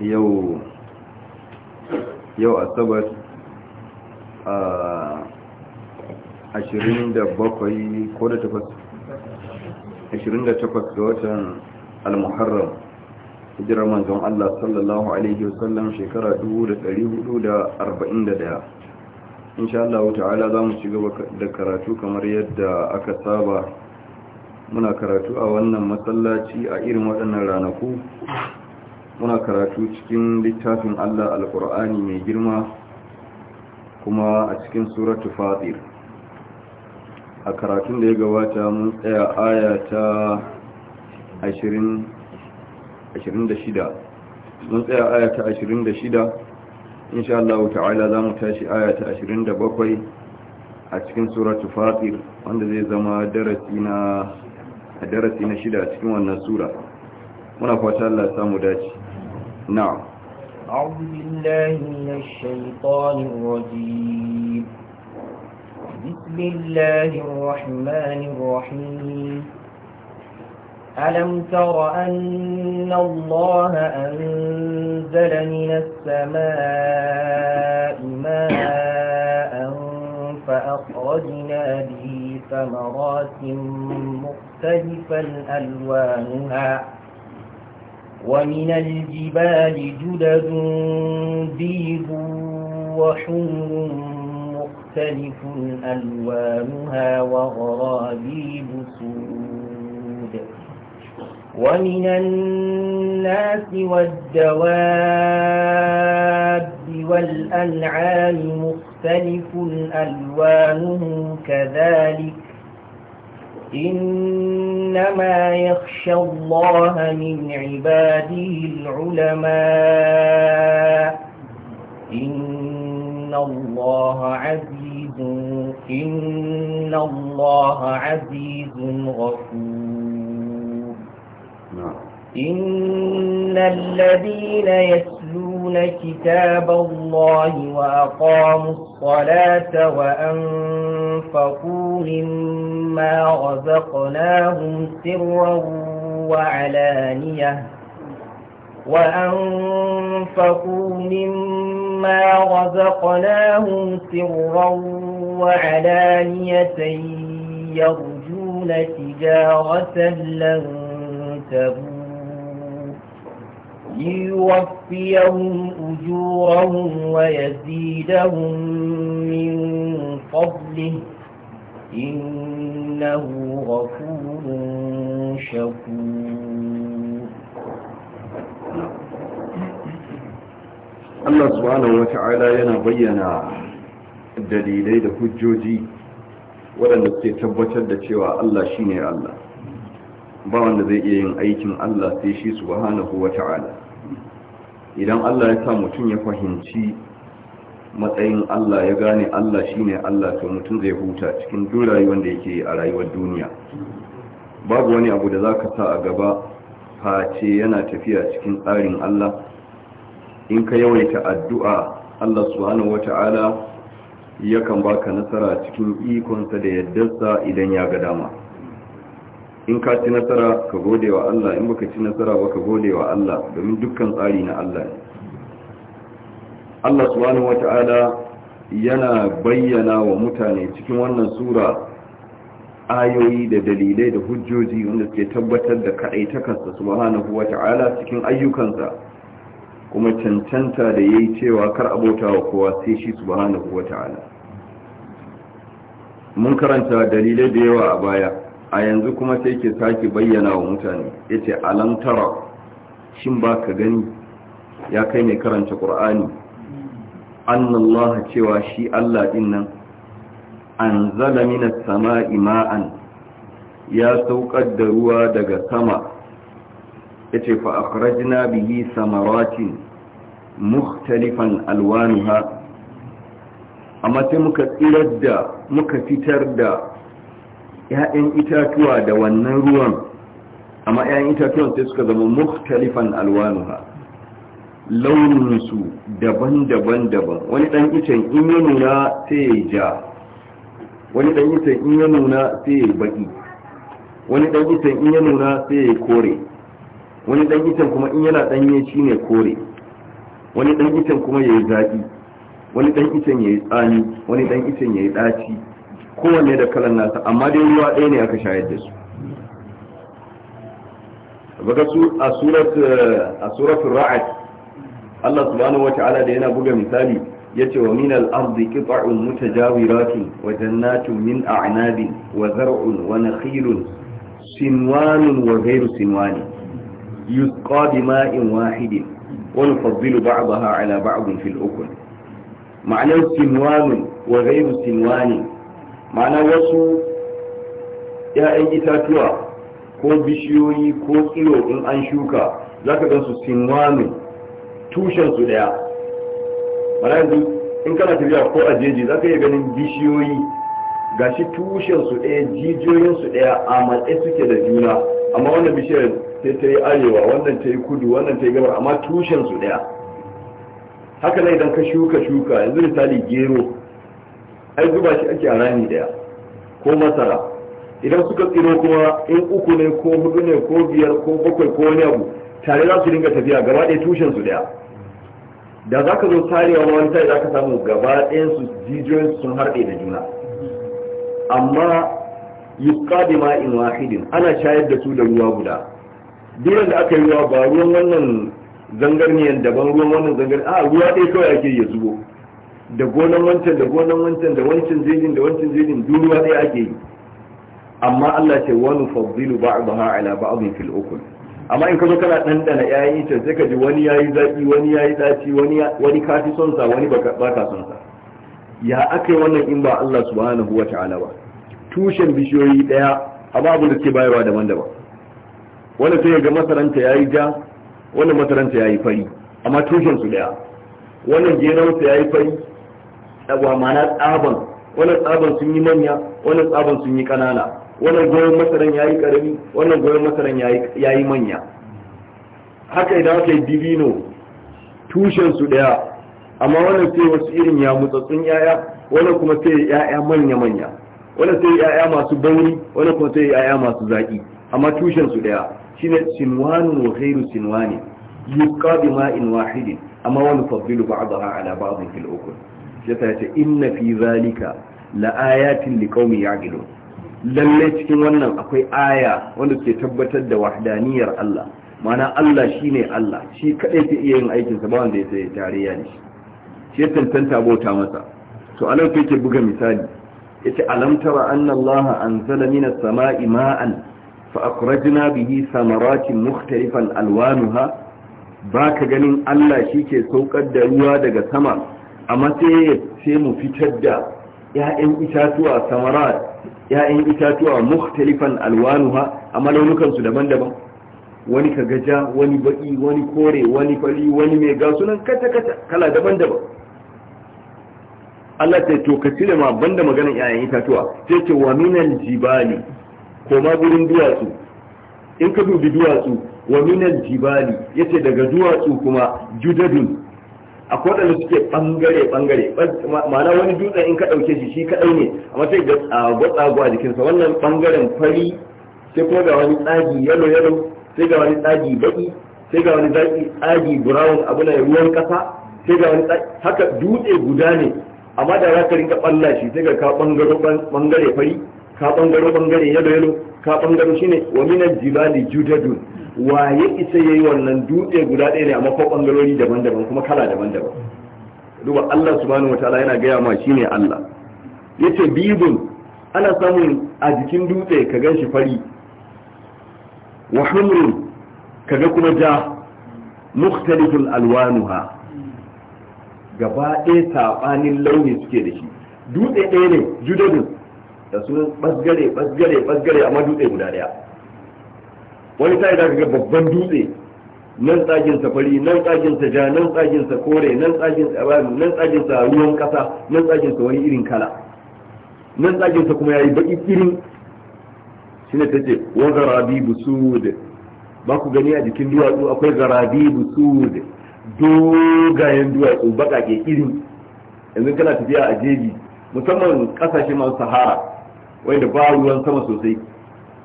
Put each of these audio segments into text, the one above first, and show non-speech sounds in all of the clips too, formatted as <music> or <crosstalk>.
yau yau asabar a ashirin da bakwai ko da takwas ashirin da takwas ga watan al-muharram hijirar manzon Allah sallallahu alaihi wasallam shekara dubu da da da ɗari arba'in ɗaya. insha Allah ta'ala za mu ci gaba da karatu kamar yadda aka saba muna karatu a wannan masallaci a irin waɗannan ranaku muna karatu cikin littafin Allah alkur'ani mai girma kuma a cikin suratu fatir a karatun da ya gabata mun tsaya aya ta 26 mun tsaya aya ta 26 insha Allah ta'ala za mu tashi aya ta 27 a cikin suratu fatir wanda zai zama darasi na darasi na shida cikin wannan sura muna fata Allah ya samu dace نعم أعوذ بالله من الشيطان الرجيم بسم الله الرحمن الرحيم ألم تر أن الله أنزل من السماء ماء فأخرجنا به ثمرات مختلفا ألوانها ومن الجبال جدد بيض وحور مختلف ألوانها وغرابيب سود ومن الناس والدواب والأنعام مختلف ألوانه كذلك إنما يخشى الله من عباده العلماء إن الله عزيز إن الله عزيز غفور نعم. إن الذين يس يتلون كتاب الله وأقاموا الصلاة وأنفقوا مما رزقناهم سرا وعلانية وأنفقوا مما رزقناهم سرا وعلانية يرجون تجارة لن تبور ليوفيهم أجورهم ويزيدهم من فضله إنه غفور شكور Allah subhanahu wata'ala yana bayyana dalilai da hujjoji waɗanda ke tabbatar da cewa Allah shine Allah ba wanda zai iya yin aikin Allah sai shi subhanahu wata'ala idan Allah ya sa mutum ya fahimci matsayin Allah ya gane Allah shine Allah to mutum zai huta cikin durayi wanda da yake a rayuwar duniya babu wani abu da za ka sa a gaba face yana tafiya cikin tsarin Allah in ka yawaita addu'a Allah subhanahu wata'ala yakan baka nasara cikin ikonsa da yaddarsa idan ya ga dama in ka ci nasara ka gode wa Allah in baka ci nasara ba ka gode wa Allah domin dukkan tsari na Allah ne Allah subhanahu wata'ala yana bayyana wa mutane cikin wannan sura ayoyi da dalilai da hujjoji wanda suke tabbatar da kaɗaitakarsa subhanahu wata'ala cikin ayyukansa kuma cancanta da yayi cewa kar abota wa kowa sai shi subhanahu wata'ala mun karanta dalilai da yawa a baya a yanzu kuma sai ke sake bayyana wa mutane ya ce alamtara shin ba ka gani ya kai mai karanta ƙur'ani annallaha cewa shi allah ɗin nan an mina sama ima'an ya saukar da ruwa daga sama ya ce fa'akrajina bihi samaratin mukhtalifan ha amma sai muka tsirar da muka fitar da 'ya'yan itatuwa da wannan ruwan amma 'ya'yan itatuwan sai suka zama mukhtalifan alwanuha launinsu daban-daban daban wani ɗan icen in ya nuna sai ya ja wani ɗan icen in ya nuna sai ya baƙi wani ɗan icen in ya nuna sai ya kore wani ɗan icen kuma in yana ɗanye shi ne kore wani ɗan icen kuma ya yi zaƙi wani ɗan icen ya yi tsani wani ɗan icen ya yi ɗaci kowanne da kalan nasa amma dai ruwa ɗaya ne aka shayar da su baka su a surat a Allah subhanahu wata'ala da yana buga misali yace wa min al-ardi qit'un mutajawiratin wa jannatun min a'nabin wa zar'un wa nakhilun sinwanun wa ghayru sinwani yusqa bima'in wahidin wa nufaddilu ba'daha 'ala ba'din fil ukul ma'anar sinwanun wa ghayru sinwani. ma'ana wasu ‘ya'yan itatuwa ko bishiyoyi ko tsiro in an shuka za ka gansu sinwani tushensu ɗaya ma'ana yanzu in kana tafiya ko a jeji za ka iya ganin bishiyoyi ga shi tushensu ɗaya jijiyoyinsu ɗaya a matse suke da juna amma wannan bishiyar sai ta yi arewa wannan ta yi kudu wannan ta yi gabar amma tushensu ɗaya haka na idan ka shuka shuka yanzu misali gero ai zuba shi ake a rami daya ko masara idan suka tsiro kuma in uku ne ko hudu ne ko biyar ko bakwai ko wani abu tare za su dinga tafiya gaba ɗaya tushen su daya da za ka zo tarewa ma wani tare za ka samu gaba ɗayan su jijiyoyin sun harɗe da juna amma yusqa bi ma'in wahidin ana shayar da su da ruwa guda duk da aka yi ruwa ba ruwan wannan zangarniyan daban ruwan wannan zangarniyan a ruwa ɗaya kawai ake yi ya zubo da gonan wancan da gonan wancan da wancan jejin da wancan jejin duniya ɗaya ake yi amma Allah ce wani fadilu ba ala abin fil ukul amma in ka zo kana dandana yayin can sai ka ji wani yayi zaki wani yayi daci wani wani kafi fi son sa wani ba ka son sa ya akai wannan in ba Allah subhanahu wa ta'ala ba tushen bishiyoyi daya amma abin da ke bayarwa daban-daban wanda sai ga masaranta yayi ja wanda masaranta yayi fari amma tushen su daya wannan geron sa yayi fari wa mana tsaban wannan tsaban sun yi manya wannan tsaban sun yi kanana wannan goyon masaran yayi karami wannan goyon masaran yayi manya haka idan aka yi divino tushen su daya amma wannan sai wasu irin ya mutsatsun yaya wannan kuma sai yaya manya manya wannan sai yaya masu bauri wannan kuma sai yaya masu zaki amma tushen su daya shine sinwanun wa khairu sinwani yubqa in wahidin amma wani faddilu ba'daha ala ba'dhin fil ukul yasa yace inna fi zalika la ayatin ya'qilun lalle cikin wannan akwai aya wanda ke tabbatar da wahdaniyar Allah mana Allah shine Allah shi kadai ke iya yin aikin sa ba wanda ya sai tarayya ne shi ya tantanta bauta masa to anan sai ke buga misali yace alam tara anna Allah anzala minas sama'i ma'an fa akhrajna bihi samaratin mukhtalifan alwanuha baka ganin Allah shi ke saukar da ruwa daga sama amma sai mu fitar da ‘ya'yan itatuwa samara ‘ya'yan itatuwa mukhtalifan alwanuha amma launukansu daban-daban wani kagaja wani baki wani kore wani fari wani mai ga sunan kata-kata kala daban-daban Allah ta to ka cire ma banda maganar ‘ya'yan itatuwa sai ce wa minal jibali ko ma gurin duwatsu in ka dubi duwatsu wa minal jibali yace daga duwatsu kuma judadun akwai waɗanda suke bangare bangare ma'ana wani dutsen in ka ɗauke shi shi kadai ne amma sai ga gwatsago a jikinsa wannan bangaren fari sai kuma ga wani tsagi yalo yalo sai ga wani tsagi baki sai ga wani tsagi brown abu na ruwan ƙasa sai ga wani haka dutse guda ne amma da za ka rinka balla shi sai ga ka bangaro bangare fari ka bangaro bangare yalo yalo ka bangaro shine wa minan jibali judadun wa ya isa yayi wannan dutse guda ɗaya ne amma ko bangarori daban-daban kuma kala daban-daban duba Allah subhanahu wataala yana gaya ma shine Allah yace bibun ana samun a jikin dutse ka gan shi fari wa humrun kaga kuma ja mukhtalifun alwanuha gaba ɗaya saɓanin launi suke da shi dutse ɗaya ne judadun da su ɓasgare ɓasgare ɓasgare amma dutse guda ɗaya wani sai da ga babban dutse nan tsagin safari nan tsagin sa ja nan tsagin sa kore nan tsagin sa nan tsagin sa ruwan kasa nan tsagin sa wani irin kala nan tsagin sa kuma yayi baki irin shine tace wa garabi busud ba ku gani a jikin duwatsu akwai garabi busud dogayen duwatsu ke irin yanzu kana tafiya a jeji musamman kasashe masu sahara wanda ba ruwan sama sosai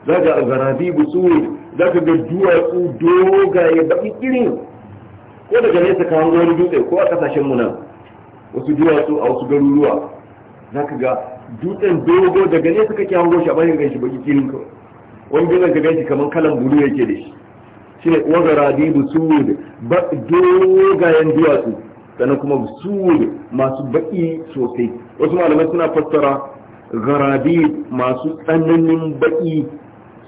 za ga garabi busuri za ka ga duwatsu dogaye ba irin ko daga nesa ka hango wani dutse ko a kasashen mu nan wasu duwatsu a wasu garuruwa za ka ga dutsen dogo daga nesa kake hango shi a bayan ganshi ba irin ka wani dutsen ka ganshi kamar kalan bulu yake da shi shine wagarabi busuri dogayen duwatsu sannan kuma busuri masu baki sosai wasu malamai suna fassara garabi masu tsananin baƙi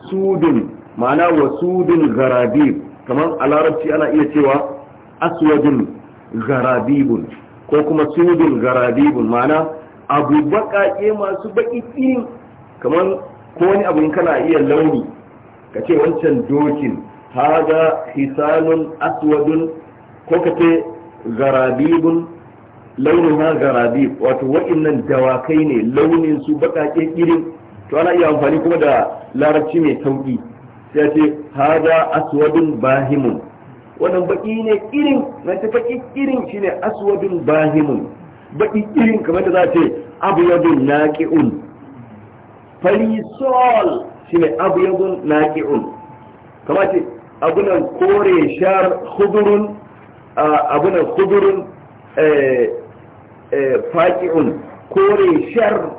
sudun ma'ana wa sudun garabib kamar a larabci ana iya cewa aswadun garabibun ko kuma sudun garabibun ma'ana abu baƙaƙe masu baƙi irin kamar ko wani abu kana iya launi ka ce wancan dokin haga hisanun aswadun ko ka ce garabibun launin ha garabib wato waɗannan dawakai ne launin su baƙaƙe irin to ana iya amfani kuma da larabci mai sauki sai ya ce hada aswadun bahimun wannan baki ne irin na ta baki irin shine aswadun bahimun baki irin kamar da za a ce abyadun naqi'un Fali sol shine abyadun naqi'un kamar ce abunan kore shar khudurun abunan khudurun e, e, faqi'un kore shar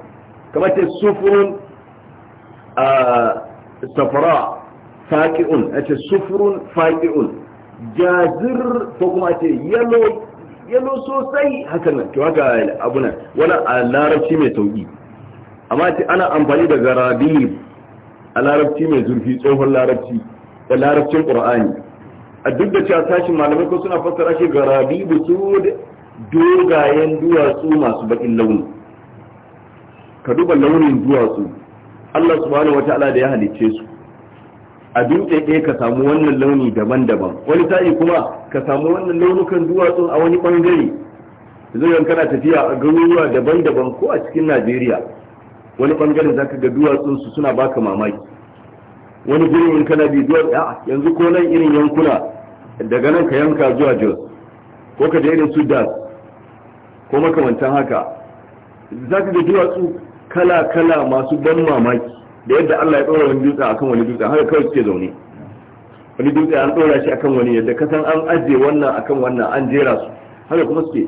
kamar ce sufurun safara faƙi'un a ce sufurun faƙi'un jazir ko kuma a ce yalo yalo sosai hakan nan to haka abuna wani a larabci mai sauƙi amma ce ana amfani da garabib a larabci mai zurfi tsohon larabci da larabcin ƙur'ani a duk da cewa tashin malamai ko suna fassara shi garabibu su dogayen duwatsu masu baƙin launi ka duba launin duwatsu Allah subhanahu wataala da ya halicce su a dutse ɗaya ka samu wannan launi daban-daban wani sa'i kuma ka samu wannan launukan duwatsun a wani ɓangare zai kana tafiya a garuruwa daban-daban ko a cikin najeriya wani ɓangare za ka ga duwatsun su suna baka mamaki wani gurin kana bi duwatsu a yanzu ko nan irin yankuna daga nan ka yanka zuwa jos ko ka je irin sudan ko makamantan haka za ka ga duwatsu kala-kala masu ban mamaki da yadda Allah ya ɗora wani dutse akan wani dutse haka kawai suke zaune wani dutse an ɗora shi akan wani yadda kasan an ajiye wannan akan wannan an jera su haka kuma suke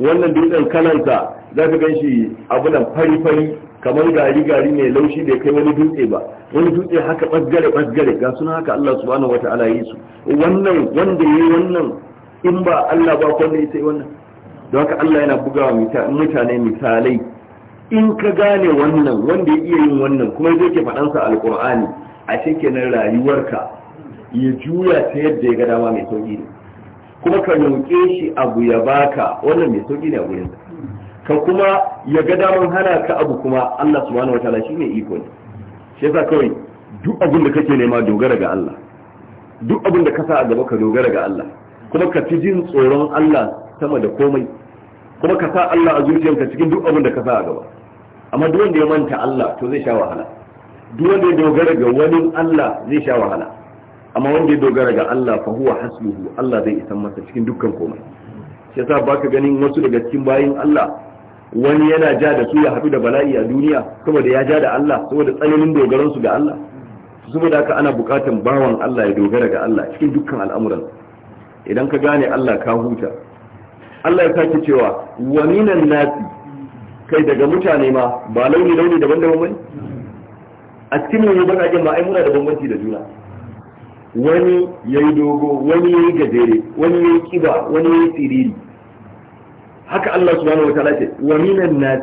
wannan dutsen kalansa za ka gan shi nan fari-fari kamar gari-gari mai laushi bai kai wani dutse ba wani dutse haka ɓasgare-ɓasgare ga suna haka Allah subhanahu wata'ala yi su wannan wanda ya yi wannan in ba Allah ba kwanne sai wannan don haka Allah yana bugawa mutane misalai in ka gane wannan wanda ya iya yin wannan kuma zai ke faɗansa Alƙur'ani a cikin rayuwarka ya juya ta yadda ya ga dama mai sauƙi ne kuma ka roƙe shi abu ya baka wannan mai sauƙi ne a gurin ka kuma ya ga daman hana ka abu kuma Allah subhanahu ta'ala shine iko ne shi yasa kawai duk abin da kake nema dogara ga Allah duk abin da ka sa a gaba ka dogara ga Allah kuma ka fi jin tsoron Allah sama da komai kuma ka sa Allah a zuciyarka cikin duk abin da ka sa a gaba amma duk wanda ya manta Allah to zai sha wahala duk wanda ya dogara ga wani Allah zai sha wahala amma wanda ya dogara ga Allah fa huwa hasbuhu Allah zai isa masa cikin dukkan komai shi yasa baka ganin wasu daga cikin bayin Allah wani yana ja da su ya haɗu da bala'i a duniya saboda ya ja da Allah saboda tsananin dogaran su ga Allah saboda haka ana bukatan bawan Allah ya dogara ga Allah cikin dukkan al'amuran idan ka gane Allah ka huta Allah ya sake cewa wa minan nasi kai daga mutane ma ba launi launi daban-daban bane a cikin mu bakajen ma ai muna da bambanci da juna wani yayi dogo wani yayi gajere wani yayi kiba wani yayi tsiriri. haka Allah subhanahu wataala ce wa minan nas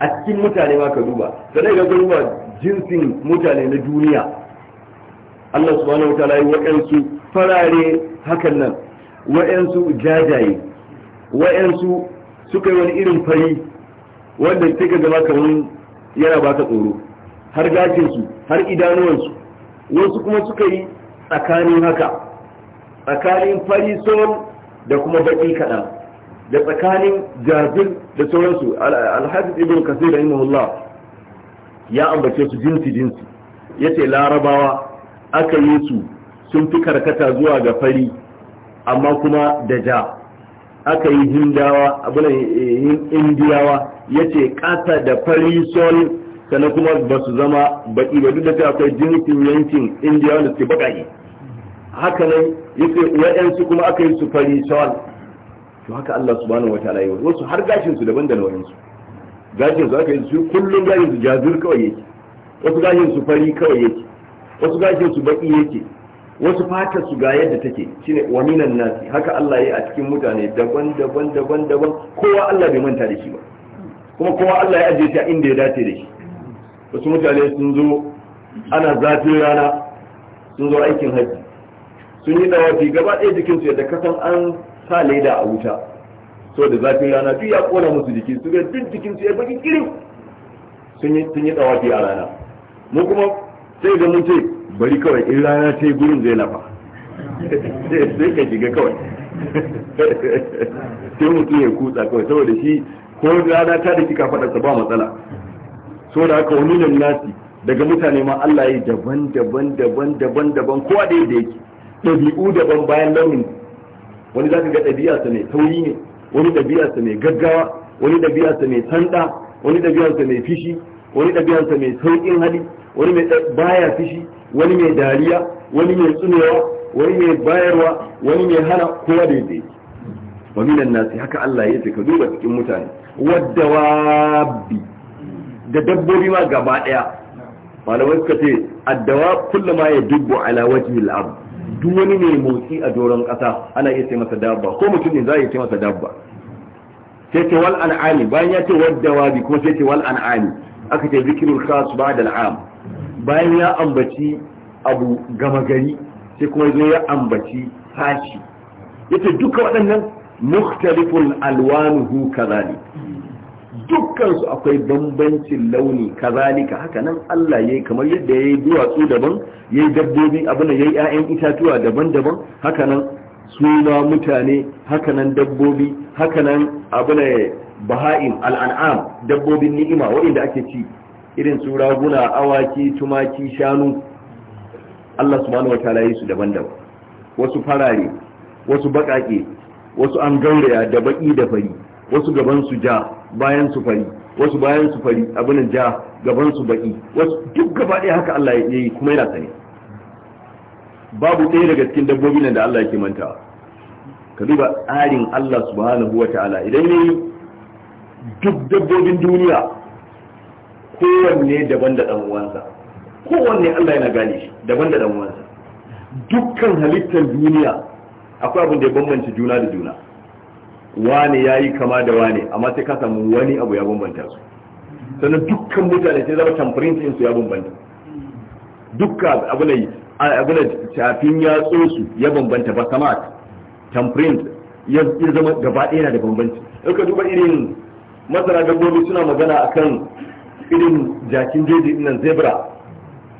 a cikin mutane ma ka duba sai ga duba jinsin mutane na duniya Allah subhanahu wataala yi waɗansu farare hakan nan waɗansu jajaye waɗansu suka yi wani irin fari wanda sai ka kamar yana baka tsoro har gashinsu har idanuwansu wasu kuma suka yi tsakanin haka tsakanin fari da kuma baki kaɗan da tsakanin jazir da sauransu alhaji ibn kasir rahimahullah ya ambace su jinsi jinsi yace larabawa aka yi su sun fi karkata zuwa ga fari amma kuma da ja aka yi hindawa abunan eh, indiyawa ya ce ƙasa da fari sol sannan kuma ba su zama baƙi ba duk da cewa akwai jinsin yankin indiyawa da suke baƙaƙe haka nan yake waɗansu kuma aka yi su fari sol to haka Allah subhanahu wataala yi wasu har gashin su daban da na wayansu gashin su aka yi su kullum gashin su jazir kawai yake wasu gashin su fari kawai yake wasu gashin su baƙi yake wasu fata su ga yadda take shine wa minan nasi haka Allah yayi a cikin mutane daban daban daban daban kowa Allah bai manta da shi ba kuma kowa Allah ya ajiye ta inda ya dace da shi wasu mutane sun zo ana zafin rana sun zo aikin haji sun yi dawafi gaba ɗaya jikinsu yadda kasan an sa leda a wuta so da zafin rana duk ya kona musu jiki su ga duk jikinsu ya baki kirin sun yi dawafi a rana mu kuma sai da mun ce bari kawai in rana ta yi gurin zai lafa sai ka shiga kawai sai mutum ya kutsa kawai saboda shi ko rana ta da kika faɗarsa ba matsala so da haka wani nan nasi daga mutane ma Allah ya yi daban daban daban daban daban kowa da yadda yake ɗabi'u daban bayan launin wani za ka ga ɗabi'arsa mai tauri ne wani ɗabi'arsa mai gaggawa wani ɗabi'arsa mai sanda wani ɗabi'arsa mai fishi wani ɗabi'arsa mai sauƙin hali wani mai baya fishi wani mai dariya wani mai tsunewa wani mai bayarwa wani mai hana kowa da yake wa minan nasi haka Allah ya ce ka duba cikin mutane waddawabi da dabbobi ma gaba daya malamai suka ce addawa kullu ma ya dubbo ala wajhi al duk wani mai motsi a doron kasa ana iya ce masa dabba ko mutum ne za yi ce masa dabba sai ce wal an'ami bayan ya ce waddawabi kuma sai ce wal an'ami aka ce zikrul khas ba da al'am. bayan ya ambaci abu gama gari sai kuma zo ya ambaci sashi yace duka waɗannan mukhtalifun alwanuhu kazalik dukkan su akwai bambancin launi kazalika haka nan Allah yayi kamar yadda yayi duwatsu daban yayi dabbobi abuna yayi ƴaƴan itatuwa daban-daban haka nan suna mutane haka nan dabbobi haka nan abuna baha'im al'an'am dabbobin ni'ima waɗanda ake ci irin su raguna awaki tumaki shanu Allah subhanahu wataala yi su daban-daban wasu farare wasu baƙaƙe wasu an gauraya da baƙi da fari wasu gaban su ja bayan su fari wasu bayan su fari abin ja gaban su baƙi wasu duk gaba ɗaya haka Allah ya yi kuma yana sani babu ɗaya daga cikin dabbobi nan da Allah yake manta. ka duba tsarin Allah subhanahu wataala idan yayi duk dabbobin duniya kowanne daban da dan uwansa kowanne Allah yana gane shi daban da dan uwansa dukkan halittar duniya akwai abin da ya bambance juna da juna wane yi kama da wane amma sai ka samu wani abu ya bambanta su sannan dukkan mutane sai zama tamfirin su ya bambanta dukkan abu ne abu ne tafin ya su ya bambanta ba sama tamfirin ya zama gaba ɗaya da bambanci in ka duba irin masana dabbobi suna magana akan irin jakin jeji nan zebra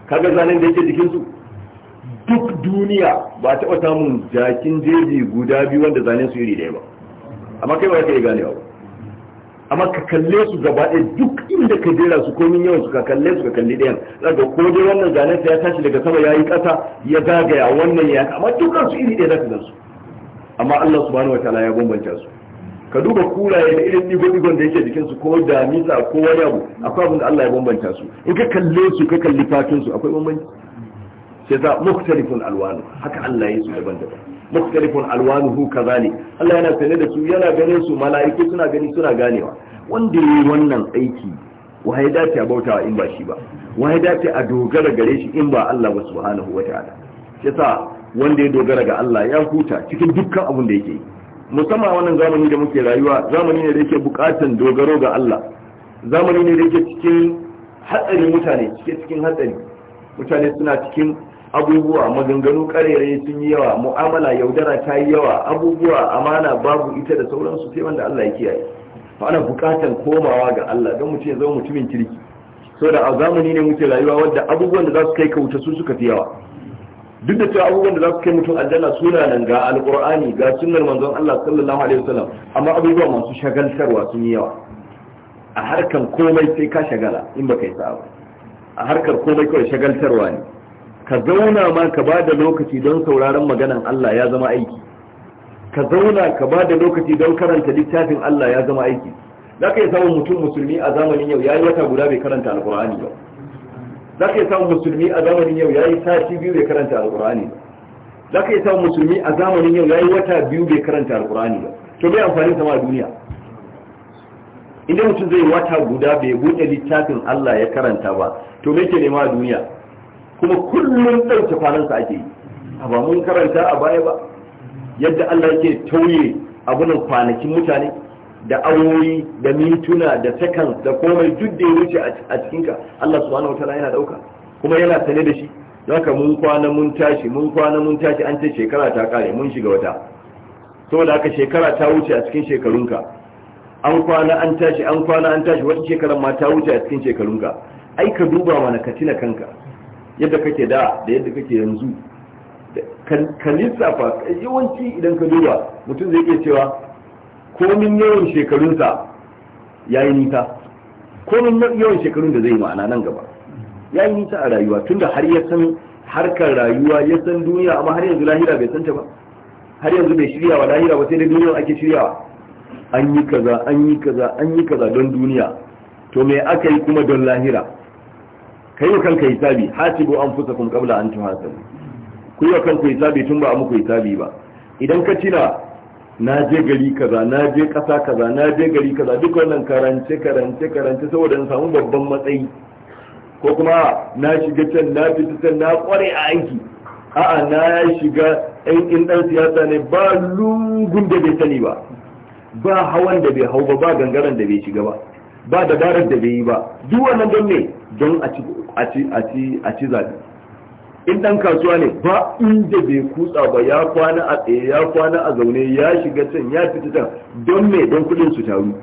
kaga zanen da yake jikinsu duk duniya ba taɓa samun jakin jeji guda biyu wanda zanen su iri ɗaya ba amma kai ba ka yi ganewa ba amma ka kalle su gaba ɗaya duk inda ka jera su komin yawan su ka kalle su ka kalli ɗayan daga ko dai wannan zanen ya tashi daga sama ya yi ƙasa ya zagaya wannan ya amma dukkan su iri ɗaya za ka su amma Allah subhanahu wa ta'ala ya bambanta su ka duba kuraye da irin digo-digon da yake jikinsu ko damisa ko wani abu akwai abin da Allah ya bambanta su in ka kalle su ka kalli fatin su akwai bambanci sai za muktalifun alwanu haka Allah ya su daban-daban muktalifun hu, kazalik Allah yana sane da su yana ganin su mala'iku suna gani suna ganewa wanda yayi wannan aiki wa ya dace a bautawa in ba shi ba wa ya dace a dogara gare shi in ba Allah ba subhanahu wataala sai sa wanda ya dogara ga Allah ya huta cikin dukkan abin da yake yi musamman wannan zamani da muke rayuwa zamani ne da yake bukatan dogaro ga Allah zamani ne da yake cikin hatsari mutane cike cikin hatsari mutane suna cikin abubuwa maganganu karerai sun yi yawa mu'amala yaudara ta yi yawa abubuwa amana babu ita da sauransu sai wanda Allah ya kiyaye fa ana bukatan komawa ga Allah don mutum ya zama mutumin kirki saboda a zamani ne muke rayuwa wadda abubuwan da za su kai kauta su suka fi yawa duk da cewa abubuwan da za su kai mutum aljanna suna nan ga alkur'ani, ga sunnar manzon Allah sallallahu alaihi wasallam amma abubuwa masu shagaltarwa sun yi yawa a harkar komai sai ka shagala in baka yi sa'a a harkar komai kawai shagaltarwa ne ka zauna ma ka ba da lokaci don sauraron maganan Allah ya zama aiki ka zauna ka ba da lokaci don karanta littafin Allah ya zama aiki za ka yi samun mutum musulmi a zamanin yau ya yi wata guda bai karanta alkur'ani ba za ka iya samun musulmi a zamanin yau ya yi sati biyu bai karanta alƙur'ani ba za ka iya samun musulmi a zamanin yau ya yi wata biyu bai karanta alƙur'ani ba to bai amfani sama a duniya inda mutum zai wata guda bai buɗe littafin Allah ya karanta ba to me ke nema a duniya kuma kullum ɗauke kwanansa ake yi a ba mun karanta a baya ba yadda Allah yake tauye abunan kwanakin mutane da awoyi da mintuna da seconds da komai duk da ya wuce a cikinka Allah subhanahu wataala yana dauka kuma yana sane da shi haka mun kwana mun tashi mun kwana mun tashi an ce shekara ta kare mun shiga wata saboda haka shekara ta wuce a cikin shekarunka an kwana an tashi an kwana an tashi wata shekarar ma ta wuce a cikin shekarunka ai ka duba mana ka tina kanka yadda kake da da yadda kake yanzu ka lissafa yawanci idan ka duba mutum zai iya cewa komin yawan shekarunsa ya yi nisa komin yawan shekarun da zai ma'ana nan gaba ya yi nisa a rayuwa tunda har ya san harkar rayuwa ya san duniya amma har yanzu lahira bai san ta ba har yanzu bai shirya wa lahira ba sai da duniya ake shiryawa an yi kaza an yi kaza an yi kaza don duniya to me aka yi kuma don lahira kai wa kanka hisabi hasibu anfusakum qabla an tuhasabu ku yi wa kanku hisabi tun ba a muku hisabi ba idan ka tuna na je gari kaza na je ƙasa kaza na je gari kaza duk wannan karance karance karance saboda na samu babban matsayi ko kuma na shiga can na fita can na kware a aiki a'a na shiga ɗan in ɗan siyasa ne ba lungun da bai sani ba ba hawan da bai hau ba ba gangaren da bai shiga ba ba dabarar da bai yi ba duk wannan don ne don a ci zaɓi. in dan kasuwa ne ba inda bai kutsa ba ya kwana a tsaye ya kwana a zaune ya shiga can ya fita can don me don kudin su taru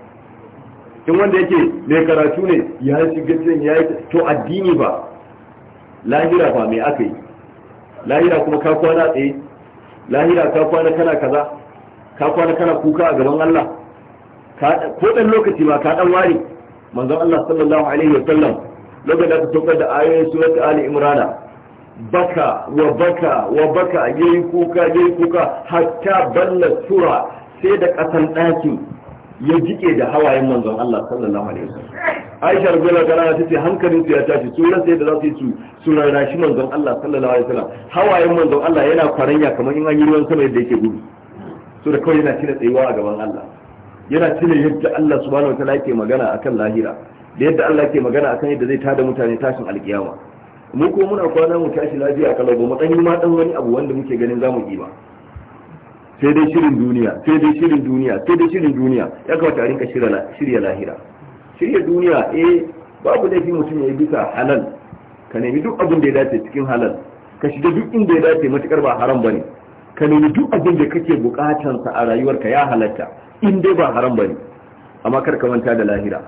in wanda yake mai karatu ne ya shiga can ya to addini ba lahira ba mai aka yi lahira kuma ka kwana a tsaye lahira ka kwana kana kaza ka kwana kana kuka a gaban Allah ko dan lokaci ma ka dan ware manzon Allah sallallahu alaihi wa sallam lokacin da aka tokar da ayoyin suratul Ali imrana baka wa baka wa baka yayi kuka yayi kuka hatta balla tura sai da kasan daki ya jike da hawayen manzon Allah sallallahu alaihi wasallam Aisha radhiyallahu anha tace hankalin su ya tashi sunan sai da za su yi su shi manzon Allah sallallahu alaihi wasallam hawayen manzon Allah yana kwaranya kamar in an yi ruwan sama yadda yake gudu to da kawai yana cire tsayuwa a gaban Allah yana cire yadda Allah subhanahu wataala yake magana akan lahira da yadda Allah yake magana akan yadda zai tada mutane tashin alkiyama mu ko muna kwana mu tashi lafiya kala ba mu dan yi ma dan wani abu wanda muke ganin zamu yi ba sai dai shirin duniya sai dai shirin duniya sai dai shirin duniya ya kamata tarin ka shirya lahira shirya duniya eh babu laifi mutum ya yi bisa halal ka nemi duk abin da ya dace cikin halal ka shiga duk inda ya dace matukar ba haram bane ka nemi duk abin da kake bukatan sa a rayuwarka ya halatta in dai ba haram bane amma kar ka manta da lahira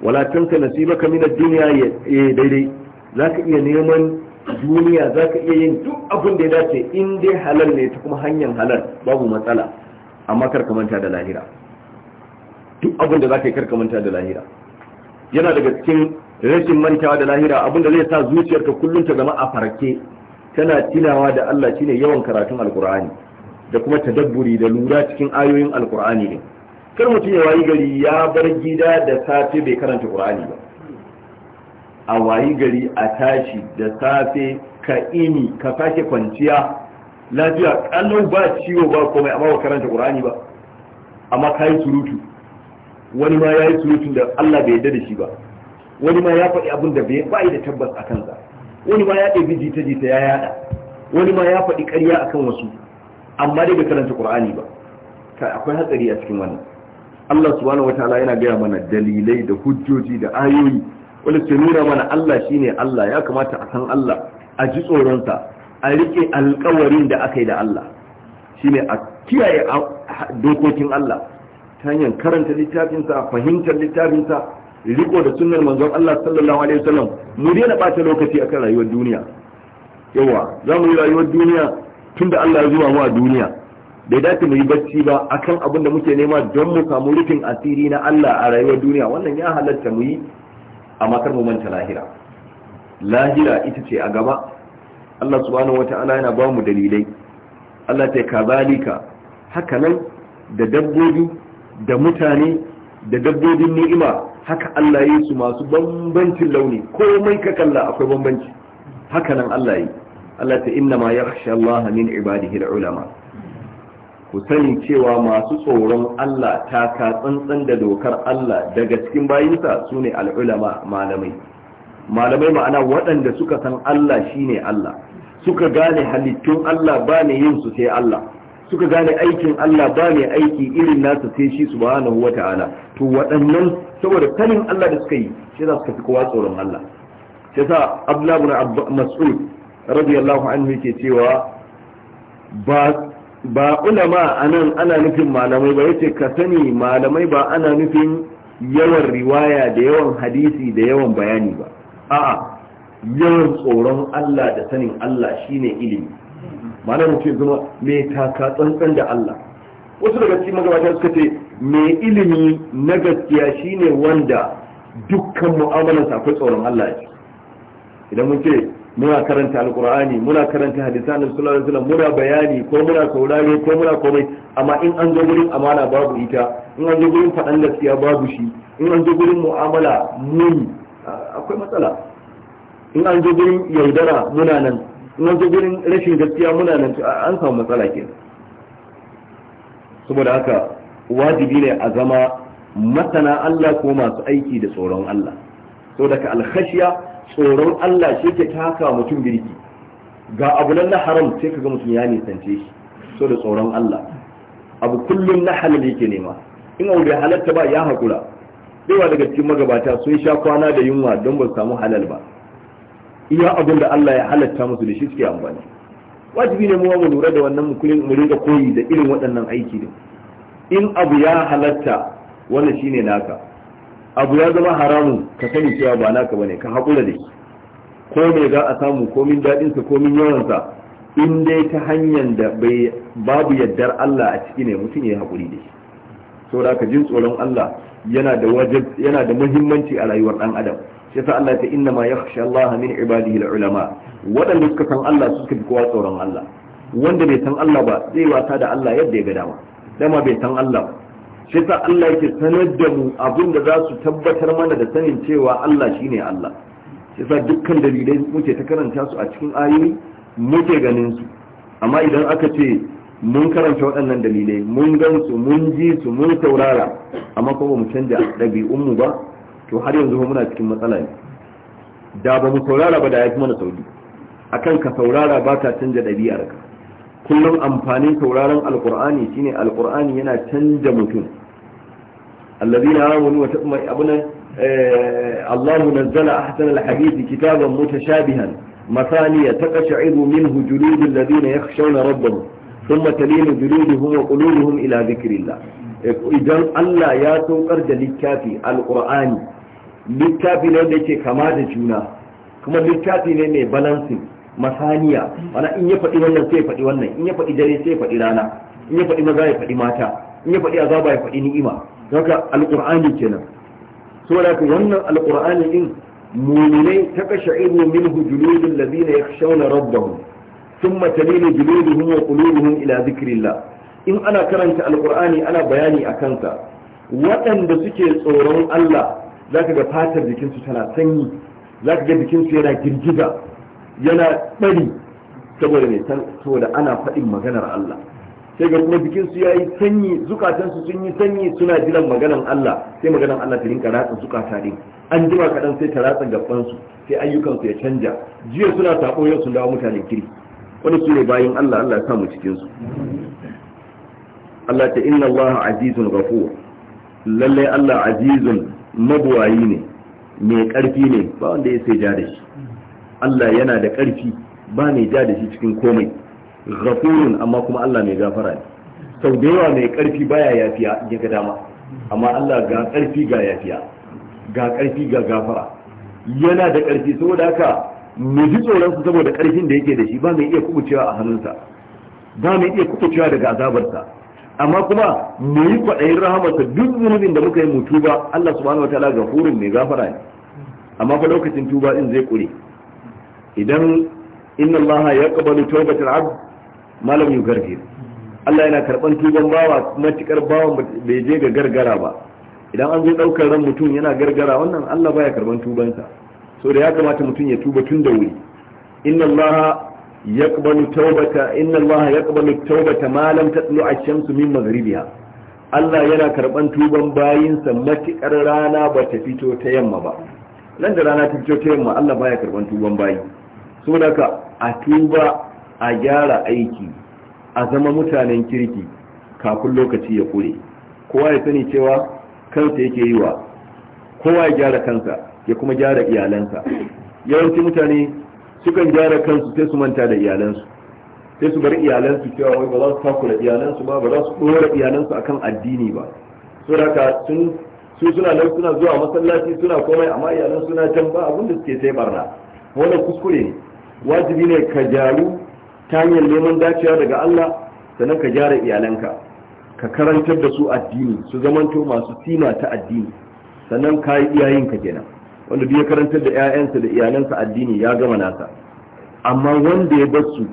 wala tanka nasibaka min ad-dunya eh, daidai za ka iya neman duniya za ka iya yin duk abin da ya dace in dai halal ne ta kuma hanyar halal babu matsala amma kar ka manta da lahira duk abin da za ka yi kar manta da lahira yana daga cikin rashin mantawa da lahira abin da zai sa zuciyarka kullum ta zama a farke tana tunawa da Allah shine yawan karatun alkur'ani da kuma tadabburi da lura cikin ayoyin alkur'ani ne kar mutum ya wayi gari ya bar gida da safe bai karanta qur'ani ba a wayi gari a tashi da safe ka ini ka sake kwanciya lafiya kallon ba ciwo ba komai amma ba karanta qur'ani ba amma ka yi surutu wani ma ya yi surutun da Allah bai yarda da shi ba wani ma ya faɗi abin da bai bai da tabbas a kansa wani ma ya ɗebi jita jita ya yada wani ma ya faɗi ƙarya akan wasu amma dai bai karanta qur'ani ba akwai hatsari a cikin wannan Allah subhanahu wataala yana gaya mana dalilai da hujjoji da ayoyi wani ke nuna mana Allah shi ne Allah ya kamata a san Allah a ji tsoronsa a riƙe alkawarin da aka yi da Allah Shi ne a kiyaye dokokin Allah ta hanyar karanta littafinsa fahimtar littafinsa riko da sunnar manzon Allah sallallahu alaihi wasallam mu daina bata lokaci akan rayuwar duniya yawa za mu yi rayuwar duniya tunda Allah ya zuwa mu a duniya bai dace mu yi bacci ba akan abin da muke nema don mu samu rufin asiri na Allah a rayuwar duniya wannan ya halatta mu yi amma kar mu manta lahira lahira ita ce a gaba Allah subhanahu wata'ala yana ba mu dalilai Allah ta kazalika haka nan da dabbobi da mutane da dabbobin ni'ima haka Allah yi su masu bambancin launi komai ka kalla akwai bambanci haka nan Allah yi Allah ta inna ma yakhsha Allah min ibadihi al-ulama ku sani cewa masu tsoron Allah taka tsantsan da dokar Allah daga cikin bayinsa su ne al'ulama malamai malamai ma'ana waɗanda suka san Allah shine Allah suka gane halittun Allah ba ne yin su sai Allah suka gane aikin Allah ba ne aiki irin nasu sai shi subhanahu wata'ala to waɗannan saboda sanin Allah da suka yi shi za su kowa tsoron Allah sai sa Abdullah ibn Mas'ud radiyallahu anhu yake cewa ba ba ulama a nan ana nufin malamai ba yace ka sani malamai ba ana nufin yawan riwaya da yawan hadisi da yawan bayani ba a'a yawan tsoron Allah da sanin Allah shine ilimi malamin ce zama me taka tsantsan da Allah wasu daga cikin magabata suka ce me ilimi na gaskiya shine wanda dukkan mu'amalarsa akwai tsoron Allah idan mun ce muna karanta alkur'ani muna karanta hadisan sallallahu alaihi muna bayani ko muna saurare ko muna komai amma in an zo gurin amana babu ita in an zo gurin faɗan gaskiya babu shi in an zo gurin mu'amala muni akwai matsala in an zo gurin yaudara muna nan in an zo gurin rashin gaskiya muna nan an samu matsala ke saboda haka wajibi ne a zama masana Allah ko masu aiki da tsoron Allah saboda ka alkhashiya tsoron Allah shi ke taka mutum birki ga abu nan na haram sai kaga mutum ya nisance shi so da tsoron Allah abu kullum na halal yake nema in abu bai halatta ba ya hakura dawa daga cikin magabata sun sha kwana da yunwa don ba su samu halal ba iya abin da Allah ya halatta musu da shi suke amfani wajibi ne mu mu lura da wannan mukulin mu rinka koyi da irin waɗannan aiki din in abu ya halatta wannan shine naka abu ya zama haramun ka sani cewa ba naka bane ka hakura da shi ko me za a samu komin daɗinsa komin sa in dai ta hanyar da bai babu yaddar Allah a ciki ne mutum ya haƙuri da shi saboda ka jin tsoron Allah yana da wajib yana da muhimmanci a rayuwar dan adam sai ta Allah ta inna ma yakhsha Allah min ibadihi ulama wadanda suka san Allah suka fi kowa tsoron Allah wanda bai san Allah ba zai wasa da Allah yadda ya ga dama dama bai san Allah shi ta Allah yake sanar da mu abin da za su tabbatar mana da sanin cewa Allah shi ne Allah shi ta dukkan dalilai muke ta karanta su a cikin ayoyi muke ganin su amma idan aka ce mun karanta waɗannan dalilai mun gan su mun ji su mun saurara amma kuma mu canja mu ba to har yanzu muna cikin matsala ne da ba mu saurara ba da ya fi mana sauki akan ka saurara ba ka canja ɗabi'arka kullum amfanin sauraron alkur'ani shine Alƙur'ani yana canja mutum alladhina amanu wa taqma abuna Allahu nazzala ahsana alhadith kitaban mutashabihan مثانية تقشعر منه جلود الذين يخشون ربهم ثم تلين جلودهم وقلوبهم إلى ذكر الله idan Allah ya saukar da littafi alƙur'ani littafi ne da yake kama da juna kuma littafi ne mai balansin masaniya in ya faɗi wannan sai faɗi wannan in ya faɗi dare sai faɗi rana in ya faɗi maza ya faɗi mata in ya faɗi ya faɗi ni'ima haka alkur'ani kenan saboda ka wannan alqur'ani din mu'minai takasha'iru minhu juludul ladina yakhshawna rabbahum thumma talinu juluduhum wa qulubuhum ila dhikrillah in ana karanta alkur'ani ana bayani a sa waɗanda suke tsoron Allah zaka ga fatar jikinsu tana sanyi zaka ga jikinsu yana girgiza yana bari saboda mai saboda ana faɗin maganar Allah sai ga kuma jikin su yayi sanyi zukatansu sun yi sanyi suna jiran maganan Allah sai maganan Allah ta rinka ratsa zukata din an jima kaɗan sai ta ratsa gabansu sai ayyukan su ya canja jiya suna sabo yau sun dawo mutanen kiri wani su ne bayin Allah Allah ya samu cikinsu Allah ta inna Allah azizun ghafur lallai Allah azizun mabuwayi ne mai ƙarfi ne ba wanda ya sai ja da shi Allah yana da karfi ba mai ja da shi cikin komai ghafurun amma kuma Allah mai gafara ne sau da yawa mai karfi baya yafiya ya ga dama amma Allah ga karfi ga yafiya ga karfi ga gafara yana da karfi saboda haka mu ji tsoron su saboda karfin da yake da shi ba mai iya kubucewa a hannunsa ba mai iya kubucewa daga azabarsa amma kuma mu yi kwaɗayin rahamarsa duk zunubin da muka yi mu tuba Allah subhanahu wataala gafurin mai gafara ne amma fa lokacin tuba din zai kure idan inna Allah ya qabalu tawbatal abd malam yu gargir Allah yana karban tuban bawa matukar bawan bai je ga gargara ba idan an zo daukar ran mutum yana gargara wannan Allah baya karban tubansa so da ya kamata mutum ya tuba tun da wuri inna Allah yaqbalu tawbata inna Allah yaqbalu tawbata ma lam tatlu ash-shamsu min maghribiha Allah yana karban tuban bayinsa matukar rana ba ta fito ta yamma ba nan da rana ta fito ta yamma Allah baya karban tuban bayi saboda ka a tuba a gyara aiki a zama mutanen kirki kafin lokaci ya kure kowa ya sani cewa kansa yake yi wa kowa ya gyara kansa ya kuma gyara iyalansa yawanci mutane sukan gyara kansu sai su manta da iyalansu sai su bar iyalansu cewa wai ba za su takura iyalansu ba ba za su ɗora iyalansu akan addini ba saboda sun su suna nan suna zuwa masallaci suna komai amma iyalansu suna can ba abin da suke sai barna wannan kuskure ne wajibi ne ka jaru ta hanyar neman dacewa daga Allah sannan ka gyara iyalanka ka karantar da su addini su zamanto masu sima ta addini sannan ka yi iyayenka kenan wanda duk ya karantar da 'ya'yansa da iyalansa addini ya gama nasa amma wanda ya bar su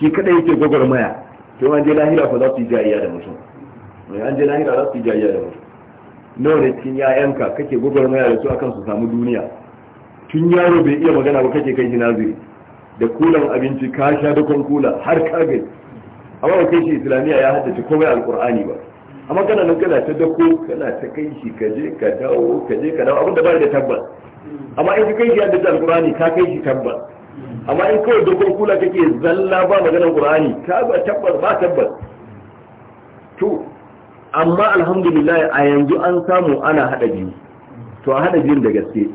shi kadai yake gwagwarmaya to an je lahira fa za su yi jayayya da mutum an je lahira za su yi jayayya da mutum nawa ne cikin 'ya'yanka kake gwagwarmaya da su akan su samu duniya tun yaro bai iya magana ba kake kai shi da kulan abinci ka sha dukan kula har ka gani amma ba kai shi islamiyya ya haddace komai alkur'ani ba amma kana nan kana ta dako kana ta kai shi ka je ka dawo ka je ka dawo abinda ba da tabbas amma in ka kai shi haddace alkur'ani ka kai shi tabbas amma in kawai dukan kula kake zalla ba maganar qur'ani ka ba tabbas ba tabbas to amma alhamdulillah a yanzu an samu ana hada biyu to a hada biyun da gaske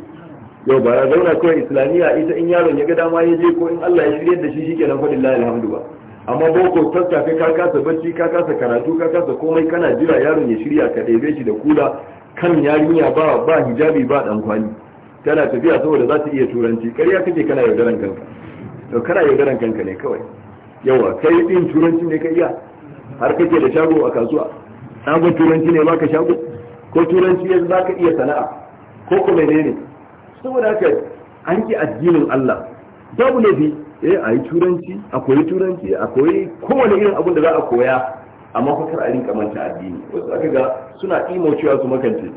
yau ba ya zauna kawai islamiyya ita in yaron ya ga dama ya je ko in Allah ya shirye da shi nan fa lillahi alhamdu ba amma boko tsafta kai ka kasa bacci ka kasa karatu ka kasa komai kana jira yaron ya shirya ka ɗebe shi da kula kan yarinya ba ba hijabi ba dan kwani tana tafiya saboda za ta iya turanci ƙarya kake kana yaudaran kanka to kana yaudaran kanka ne kawai yawa kai din turanci ne ka iya har kake da shago a kasuwa na turanci ne ba ka shago ko turanci yanzu za ka iya sana'a ko kuma ne ne saboda haka an ki addinin Allah babu bi eh ayi turanci akwai turanci akwai kowane irin abin da za a koya amma ko kar a rinka manta addini wasu aka ga suna imo cewa su makance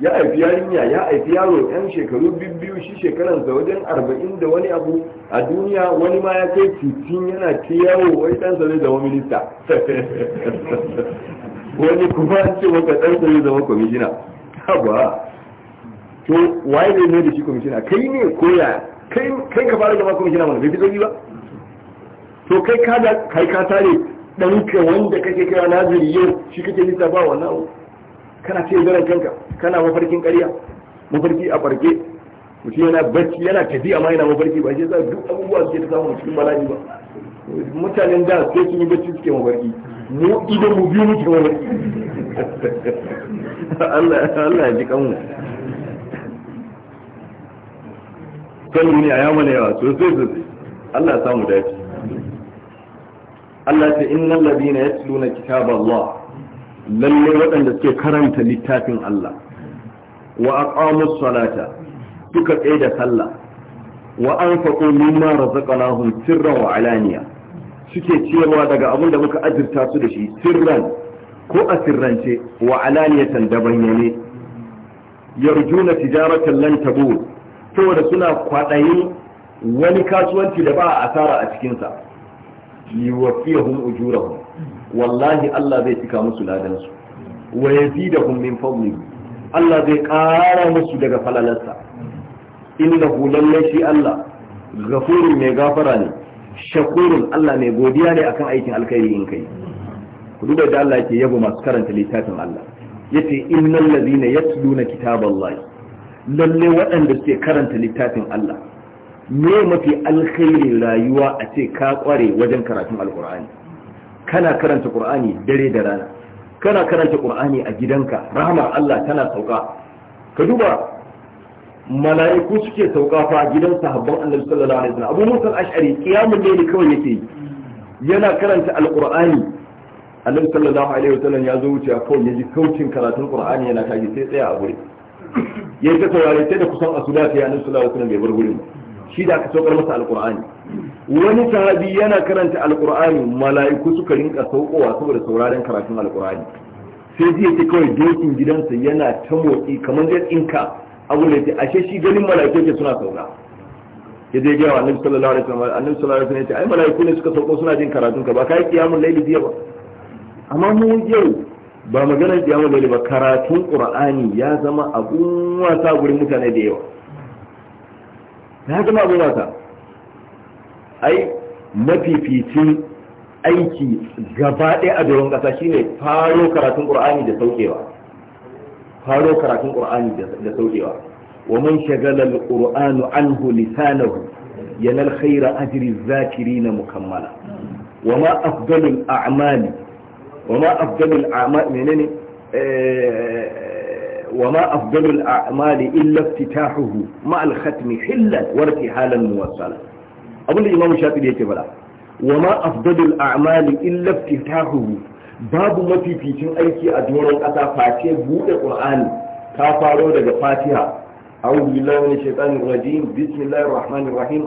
ya aifi yarinya ya aifi yaro yan shekaru biyu shi shekaran sa wajen arba'in da wani abu a duniya wani ma ya kai titin yana ta yawo wai ɗansa zai zama minista <laughs> wani kuma an ce maka ɗansa zai zama kwamishina haba to waye ne ne da shi kwamishina kai ne ko ya kai ka fara zama kwamishina mana bai fi sauki ba to kai ka da kai ka tare ɗanka wanda kake kira naziri yau shi kake ba wannan abu kana ce garan kanka kana mafarkin ƙarya mafarki a farke mutum yana bacci yana tafiya ma yana mafarki ba shi yasa duk abubuwa suke ta samu cikin bala'i ba mutanen da sai sun yi bacci suke mafarki mu idan mu biyu muke mafarki <laughs> Allah ya ji kanmu kalu ne a yamma yawa sosai sosai Allah ya samu dace Allah ta innal ladina yatluna kitaballah lalle waɗanda suke karanta littafin Allah wa aqamus salata suka tsaye da sallah wa anfaqu mimma razaqnahum sirran wa alaniya suke ciyarwa daga abin da muka ajirta su da shi sirran ko a sirrance wa alaniyatan da bayyane yarjuna tijaratan lan tabur saboda suna kwaɗayin wani kasuwanci da ba a asara a cikinsa liwafiyahum ujurahum wallahi Allah zai cika musu ladansu wa da min fadlihi Allah zai ƙara musu daga falalarsa innahu lallai shi Allah Gafurin mai gafara ne shakurun Allah mai godiya ne akan aikin alkhairi in kai ku duba da Allah yake yabo masu karanta littafin Allah yace innal ladhina yatluna kitaballahi lalle waɗanda suke karanta littafin Allah me mafi alkhairi rayuwa a ce ka kware wajen karatun alkur'ani kana karanta qur'ani dare da rana kana karanta qur'ani a gidanka rahmar Allah tana sauka ka duba mala'iku suke sauka fa a gidan sahabban Annabi sallallahu alaihi wasallam Abu Musa al-Ash'ari qiyamul layl kawai yake yi yana karanta alkur'ani Annabi sallallahu alaihi wasallam ya zo wuce kawai yaji kaucin karatun qur'ani yana tashi sai tsaya a gure ya yi ta saurari sai da kusan a suda ta yanar sulawa suna bai bar gurin shi da aka saukar masa alkur'ani wani sahabi yana karanta alkur'ani mala'iku suka rinka saukowa saboda sauraren karatun alkur'ani sai ji yace kawai dokin gidansa yana ta motsi kamar zai tsinka abu da yace ashe shi ganin mala'iku yake suna saura. ya je ga annabi sallallahu alaihi wasallam annabi sallallahu alaihi wasallam ai mala'iku ne suka sauko suna jin karatun ka ba kai kiyamul laili jiya ba amma mu yau ba maganar kiyama bane ba karatun qur'ani ya zama abun wasa gurin mutane da yawa ya zama abun wasa ai mafificin aiki gaba ɗaya a doron ƙasa shine faro karatun qur'ani da saukewa faro karatun qur'ani da saukewa wa man shagala al-qur'anu anhu lisanahu yanal khayra ajri az mukammala wa ma afdalu al-a'mali wa ma afdalul a'mal menene wa ma afdalul a'mal illa iftitahuhu ma al khatm hillan wa irtihalan muwassala abin da imamu shafi'i yake fada wa ma afdalul a'mal illa iftitahuhu babu mafificin aiki a doron kasa face bude qur'ani ta faro daga fatiha أعوذ بالله من الشيطان الرجيم بسم الله الرحمن الرحيم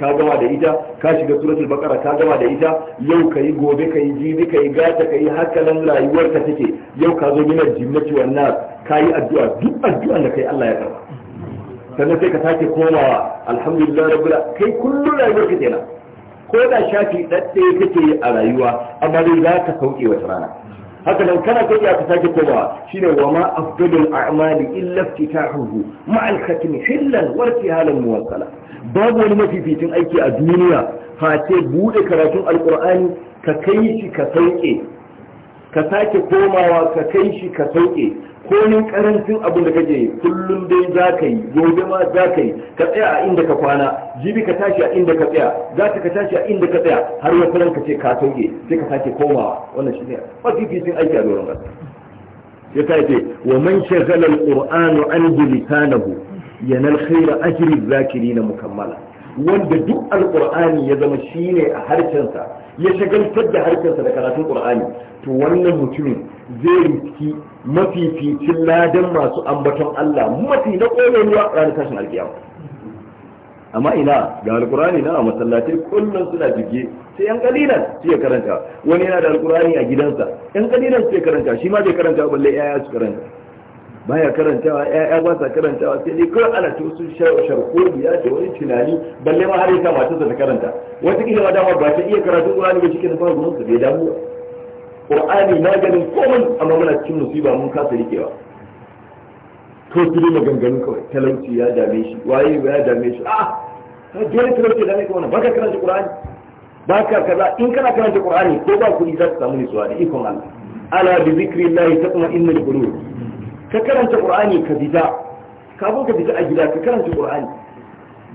ka gama da ita ka shiga suratul baqara ka gama da ita yau kai gobe kayi jibi kai gata kai hakalan rayuwar ka take yau ka zo minar jinnati wan nas kai addu'a duk addu'a da kai Allah ya karba sannan sai ka sake komawa alhamdulillah rabbil kai kullu rayuwar ka kenan ko da shafi dadde kake a rayuwa amma dai za ka sauke wata rana haka nan kana kai ya ka sake koma shine wa ma afdalul a'mali illa iftitahuhu ma al khatmi hillan wa irtihalan muwassala babu wani mafificin aiki a duniya face bude karatun alqur'ani ka kai shi ka sauke ka sake komawa ka kai shi ka sauke ko ni karancin abin da kake kullum dai za ka yi gobe ma za ka yi ka tsaya a inda ka kwana jibi ka tashi a inda ka tsaya za ka tashi a inda ka tsaya har wata ranka ce ka sauke sai ka sake komawa wannan shi ne mafificin aiki a doron ƙasa ya ta ce wa man shagala alqur'anu an lisanahu yanal khayra ajri zakirin mukammala wanda duk alqur'ani ya zama shine a sa ya shagaltar da harkarsa da karatun qur'ani to wannan mutumin zai riski mafificin ladan masu ambaton Allah mafi na ruwa ranar tashin alkiyama amma ina ga alkurani na a masallatai kullum suna jige sai yan kalilan su ya karanta wani yana da alkurani a gidansa yan kalilan su ya karanta shi ma bai karanta balle yaya su karanta baya karantawa ya'ya ba sa karantawa sai dai kawai ana to sun biya da wani tunani balle ma har yi sa matarsa ta karanta wata kishin wata dama ba ta iya karatun qur'ani ba cikin na fara gurin su bai damu ba na ganin komai amma muna cikin musiba mun kasa rikewa to su ne maganganun kawai talauci ya dame shi waye ya dame shi a ah, dole talauci dame kawai ba ka karanta Ba ka kaza in kana karanta qur'ani ko ba kuɗi za ka samu nisuwa da ikon Allah ala bi zikrillahi taqma innal qulub ka karanta qur'ani ka fita ka zo ka fita a gida ka karanta qur'ani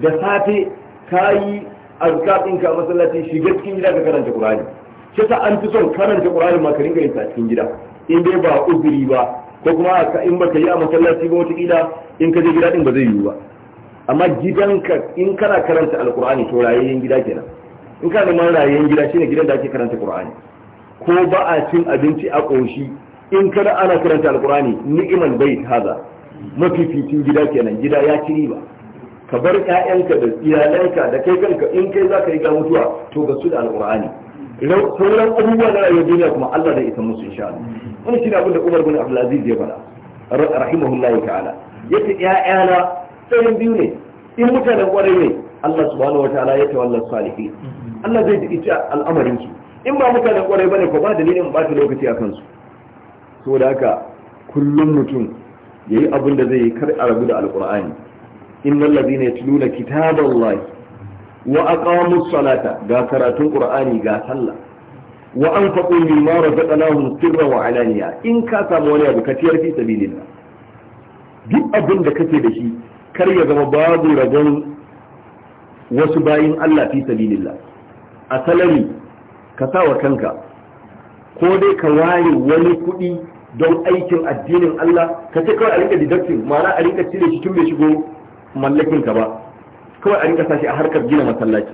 da safe ka yi azkar ɗinka a masallaci shiga cikin gida ka karanta qur'ani shi ta an fi son karanta qur'ani ma ka ringa yin a cikin gida in dai ba uzuri ba ko kuma in baka yi a masallaci ba wata gida in ka je gida din ba zai yiwu ba amma gidanka in kana karanta alkur'ani to rayayen gida kenan in kana neman rayayen gida shine gidan da ake karanta qur'ani ko ba a cin abinci a ƙoshi in kada ana karanta alqur'ani ni'imal bait haza mafificin gida kenan gida ya ci riba ka bar ƴaƴanka da iyalanka da kai kanka in kai za ka yi ga mutuwa to ga su da alqur'ani sauran abubuwa na rayuwar duniya kuma Allah zai isa musu insha Allah wani shi abin da Umar bin Abdul Aziz ya faɗa rahimahullah ta'ala yace ƴaƴana tsayin biyu ne in mutanen ƙwarai ne Allah subhanahu wataala ta'ala ya tawalla salihin Allah zai ji ita al'amarin ki in ba mutanen kwarai bane ko ba dalilin ba ta lokaci a kansu saboda haka kullum mutum yayi abin da zai yi kar a rabu da alqur'ani innal ladina yatluna kitaballahi wa aqamus salata ga karatun qur'ani ga sallah wa anfaqu mimma razaqnahum sirra wa alaniya in ka samu wani abu ka ciyar fi sabilillah duk abin da kake da shi kar ya zama babu rabon wasu bayin Allah fi sabilillah a ka sa wa kanka ko dai ka ware wani kuɗi don aikin addinin Allah ka ce kawai a rinka deducting ma'ana a rinka cire shi tun bai shigo mallakin ka ba kawai a rinka sashi a harkar gina masallaci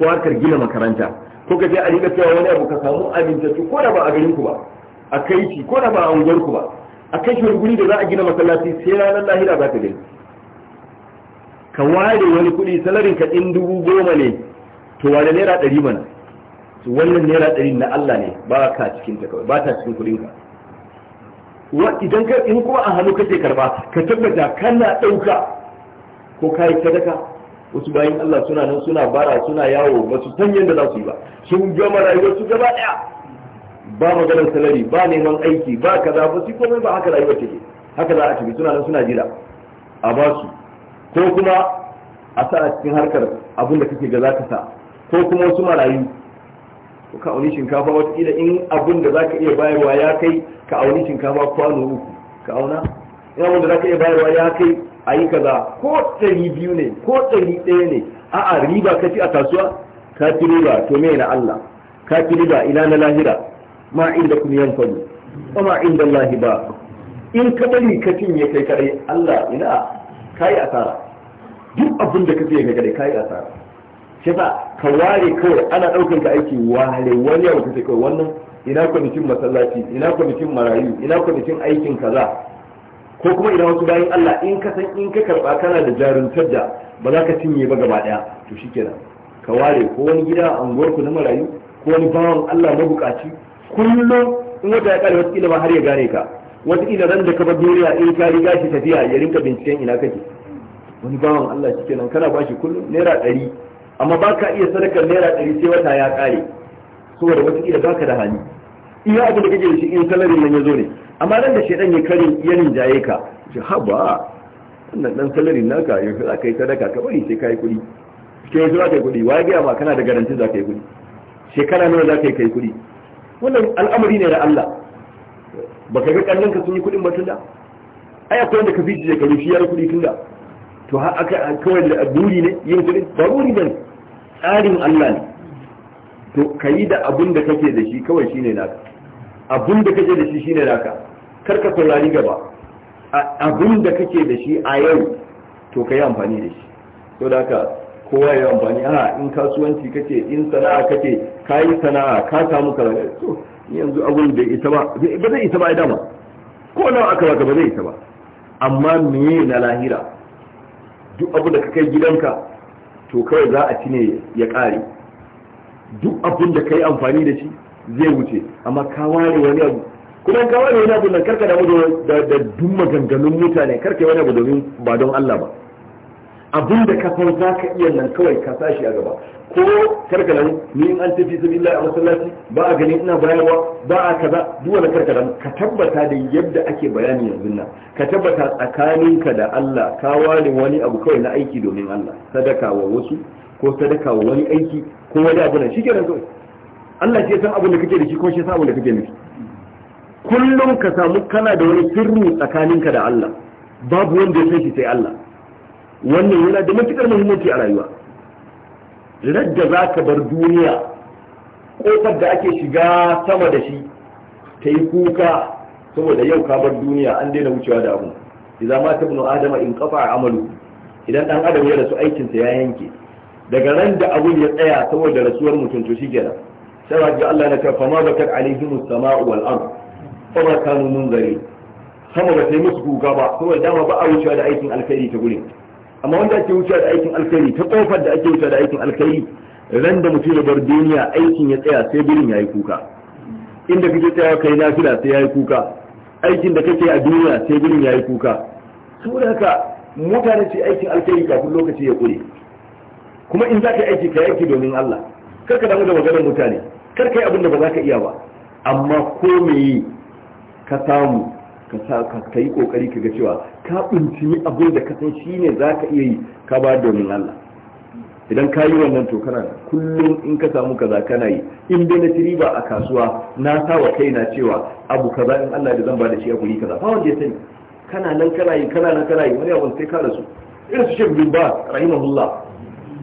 ko harkar gina makaranta ko ka je a rinka cewa wani abu ka samu amintattu ko da ba a garin ku ba a kai shi ko da ba a unguwar ku ba a kai shi guri da za a gina masallaci sai ranar lahira za ka gani ka ware wani kuɗi salarin ka ɗin dubu goma ne to wane naira ɗari mana wannan naira ɗari na Allah ne ba ka cikin ta kawai ba ta cikin kuɗinka idan ka in kuma a hannu kake karba ka tabbata kana dauka ko kai sadaka wasu bayan Allah suna nan suna bara suna yawo ba su san yadda za su yi ba sun gama rayuwar su gaba daya ba maganar salari ba neman aiki ba kaza ba su komai ba haka rayuwar take haka za a tafi suna nan suna jira a ba su ko kuma a sa a cikin harkar abin da kake ga za ka sa ko kuma wasu marayu ko ka auni shinkafa watakila in abin da zaka iya bayarwa ya kai ka auni shinkafa kwano uku ka auna in abin da zaka iya bayarwa ya kai a yi kaza ko ɗari biyu ne ko ɗari ɗaya ne a'a riba ka a kasuwa ka ci riba to me na Allah ka ci riba ina na lahira ma inda kun yanfadu Ba ma inda Allah ba in ka bari ka ya kai kare Allah ina kai asara duk abin da ka fiye kai kare kai asara shi ba ka ware kawai ana ɗaukar ka aiki ware wani yau ka kawai wannan ina kwamitin masallaci ina kwamitin marayu ina kwamitin aikin kaza ko kuma ina wasu bayan Allah in ka san in ka karba kana da jaruntar da ba za ka cinye ba gaba daya to shikenan ka ware ko wani gida a unguwarku na marayu ko wani bawan Allah mabukaci kullum in wata ya kare wasu kila ba har ya gane ka wata kila ran da ka bar duniya in ka riga shi tafiya ya rinka binciken ina kake wani bawan Allah shikenan kana bashi kullum naira ɗari amma ba ka iya sadakar naira ɗari sai wata ya ƙare saboda wataƙila ba ka da hali iya abu da kake da shi in salarin nan ya zo ne amma nan da shaidan ya kare ya rinjaye ka ce haba wannan dan salarin naka yanzu za ka yi sadaka ka bari sai ka yi kuɗi ke yanzu za ka yi kuɗi waye gaya ma kana da garanti za ka yi kuɗi shekara nawa za ka yi kai kuɗi wannan al'amari ne da Allah baka ga kallon ka sun yi kuɗin ba tunda ai akwai wanda ka fi shekaru shi ya yi kuɗi tunda to ha aka kawai da buri ne yin kudi ba buri ne tsarin Allah ne to ka yi da abun da kake da shi kawai shine naka abun da kake da shi shine naka kar ka saurari gaba abun da kake da shi a yau to ka yi amfani da shi to da ka kowa ya amfani a in kasuwanci kake in sana'a kake ka yi sana'a ka samu kaza to yanzu abun da ita ba ba zai ita ba dama ko nawa aka ba ba zai ita ba amma me na lahira duk abin da ka kai gidanka to kawai za a ci ne ya ƙare duk abin da ka yi amfani da shi zai wuce amma ka ware wani abu kuma ka ware wani abu nan karka damu da maganganun mutane karka wani abu domin ba don Allah ba abin da ka san za ka iya nan kawai ka sashi a gaba ko karkalan ni in an tafi sabilillah a masallaci ba a ganin ina bayarwa ba a kaza duk wani karkalan ka tabbata da yadda ake bayani yanzu nan ka tabbata tsakaninka da Allah ka ware wani abu kawai na aiki domin Allah sadaka wa wasu ko sadaka wa wani aiki ko wani abu nan shikenan kawai Allah ke san abin da kake da shi ko shi san abin da kake nufi kullum ka samu kana da wani sirri tsakaninka da Allah babu wanda ya san shi sai Allah wannan yana da matukar muhimmanci a rayuwa radda za ka bar duniya kofar da ake shiga sama da shi ta yi kuka saboda yau ka bar duniya an daina wucewa da abu idan ma ta bunu adama in kafa a amalu idan dan adam ya rasu aikinsa ya yanke daga ran da abun ya tsaya saboda rasuwar mutum to shikenan sai wajen Allah na kafa ma bakat alaihim wal ard fa ma kanu munzari sama ba sai musu kuka ba saboda dama ba a wucewa da aikin alkhairi ta gurin amma wanda ake wuce da aikin alkhairi ta kofar da ake wuce da aikin alkhairi ran da mutum ya bar duniya aikin ya tsaya sai birin yayi kuka inda kake tsaya kai lafiya sai yayi kuka aikin da kake a duniya sai birin yayi kuka saboda haka mutane ce aikin alkhairi kafin lokaci ya kure kuma in za ka aiki ka aiki domin Allah kar ka damu da maganar mutane kar ka yi abin da ba za ka iya ba amma ko me ka samu ka sa ka yi kokari ka ga cewa ka bincini abin da ka san shine ka iya yi ka ba domin Allah idan ka yi wannan to kana kullum in ka samu kaza kana yi in dai na ci riba a kasuwa na sa wa kaina cewa abu kaza in Allah da zan ba da shi a guri kaza ba wanda ya sani kana nan kana yi kana nan kana yi wani abu sai ka rasu irin su Sheikh bin ba rahimahullah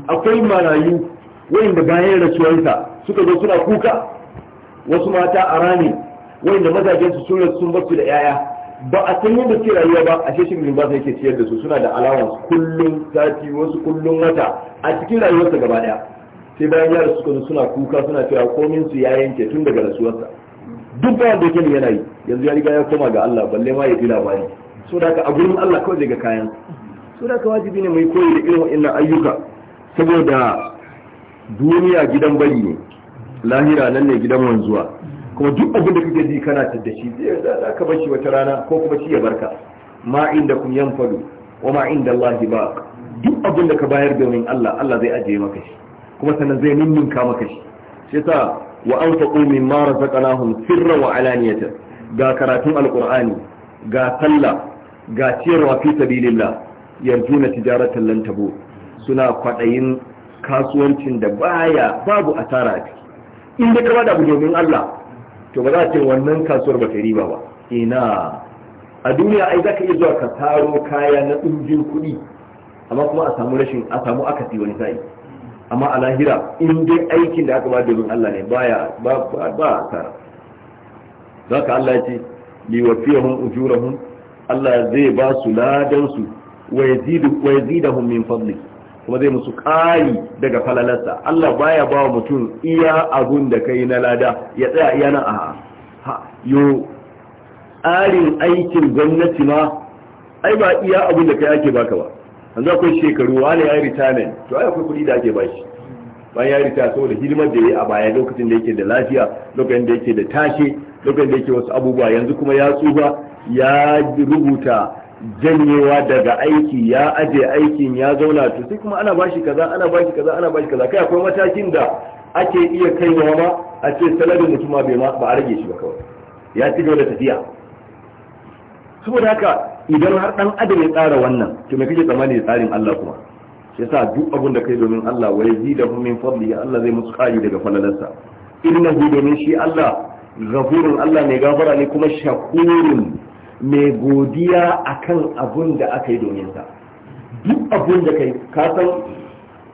akwai marayu wanda bayan rasuwarsa suka zo suna kuka wasu mata a rani, wanda mazajen su sun rasu sun basu da yaya ba a san yadda suke rayuwa ba a sheshin ba basa yake ciyar da su suna da allowance kullum sati wasu kullum wata a cikin rayuwarsa gaba daya sai bayan yara suka zo suna kuka suna cewa komin su ya yanke tun daga rasuwarsa duk ba wanda yake yana yi yanzu ya riga ya koma ga Allah balle ma ya ji labari so da a gurin Allah kawai zai ga kayan so da wajibi ne mu koyi da irin wannan ayyuka saboda duniya gidan bari ne lahira nan ne gidan wanzuwa kuma duk abin da kake ji kana da shi zai za ka bar shi wata rana ko kuma shi ya barka ma inda kun yanfadu wa ma inda Allah ba duk abin da ka bayar domin Allah Allah zai ajiye maka shi kuma sannan zai ninninka maka shi shi yasa wa anfaqu mimma razaqnahum sirran wa alaniyatan ga karatun alqur'ani ga sallah ga ciyarwa fi sabilillah yarjuna tijaratan lan tabu suna kwadayin kasuwancin da baya babu asara a ciki in da ka bada abu domin Allah to ba za a ce wannan kasuwar ba ta riba ba ina a duniya ai za ka iya zuwa ka taro kaya na ɗumbin kuɗi amma kuma a samu rashin a samu akasi wani sa'i amma a lahira in dai aikin da aka ba domin Allah ne baya ba ba za ka Allah ya ce liwafiyahum ujurahum Allah zai ba su ladan su wa yazidahum min fadlihi kuma zai musu ƙari daga falalarsa Allah baya ba wa mutum iya abun da kai na lada ya tsaya iya nan a yo tsarin aikin gwamnati ma ai ba iya abun da kai ake baka ba za akwai shekaru wani ya yi ne, to ai akwai kuɗi da ake bashi bayan ya rita saboda hidimar da ya yi a baya lokacin da yake da lafiya lokacin da yake da tashi lokacin da yake wasu abubuwa yanzu kuma ya tsufa ya rubuta janyewa daga aiki ya aje aikin ya zauna to sai kuma ana bashi kaza ana bashi kaza ana bashi kaza kai akwai matakin da ake iya kaiwa ma a ce salarin mutum ma ba a rage shi ba kawai ya ci gaba da tafiya saboda haka idan har dan adam ya tsara wannan to me kake tsammani da tsarin Allah kuma yasa duk abin da kai domin Allah wa yazidahum min fadlihi Allah zai musu kari daga falalarsa innahu domin shi Allah ghafurun Allah mai gafara ne kuma shakurun mai godiya akan abun da aka yi domin sa duk abun da kai ka san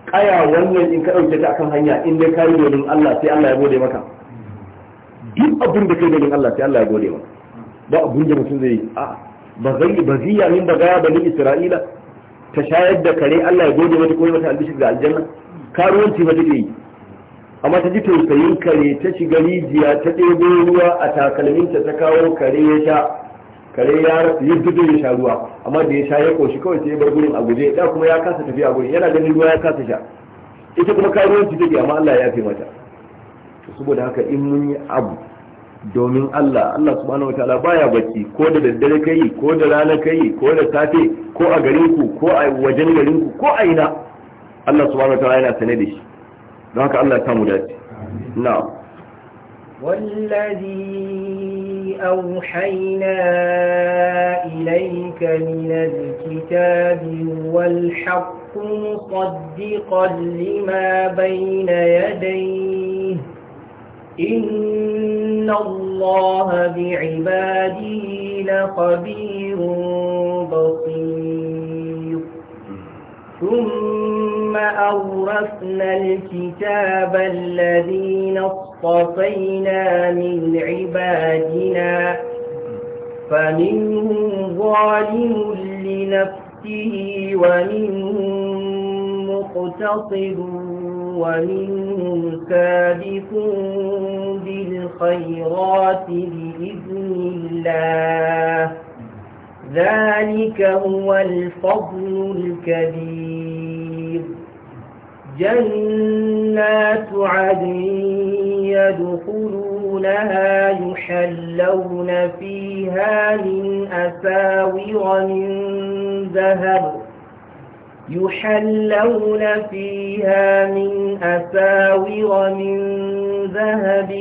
kaya wannan in ka dauke ta akan hanya in dai kai domin Allah sai Allah ya gode maka duk abun da kai domin Allah sai Allah ya gode maka ba abun da mutum zai a ba zai ba zai ya ba bagaya bani Isra'ila ta shayar da kare Allah ya gode mata ko mata albishir ga aljanna karuwanci ba take yi amma ta ji tausayin kare ta shiga rijiya ta ɗebo ruwa a takalminta ta kawo kare ya sha kare ya yadda zai ya sha ruwa amma da ya sha ya koshi kawai sai ya bar gurin a guje da kuma ya kasa tafiya gurin yana ganin ruwa ya kasa sha ita kuma kayan ci take amma Allah ya fi mata saboda haka in mun yi abu domin Allah Allah subhanahu wataala baya bacci ko da daddare kai ko da rana kai ko da safe ko a garin ku ko a wajen garin ku ko a ina Allah subhanahu wataala yana sane da shi don haka Allah ya samu dace na'am wallazi أوحينا إليك من الكتاب والحق مصدقا لما بين يديه إن الله بعباده لخبير بصير ثم ثم أورثنا الكتاب الذين اصطفينا من عبادنا فمنهم ظالم لنفسه ومنهم مقتصد ومنهم سابق بالخيرات بإذن الله ذلك هو الفضل الكبير جنات عدن يدخلونها يحلون فيها من أساور من ذهب يحلون فيها من أساور من ذهب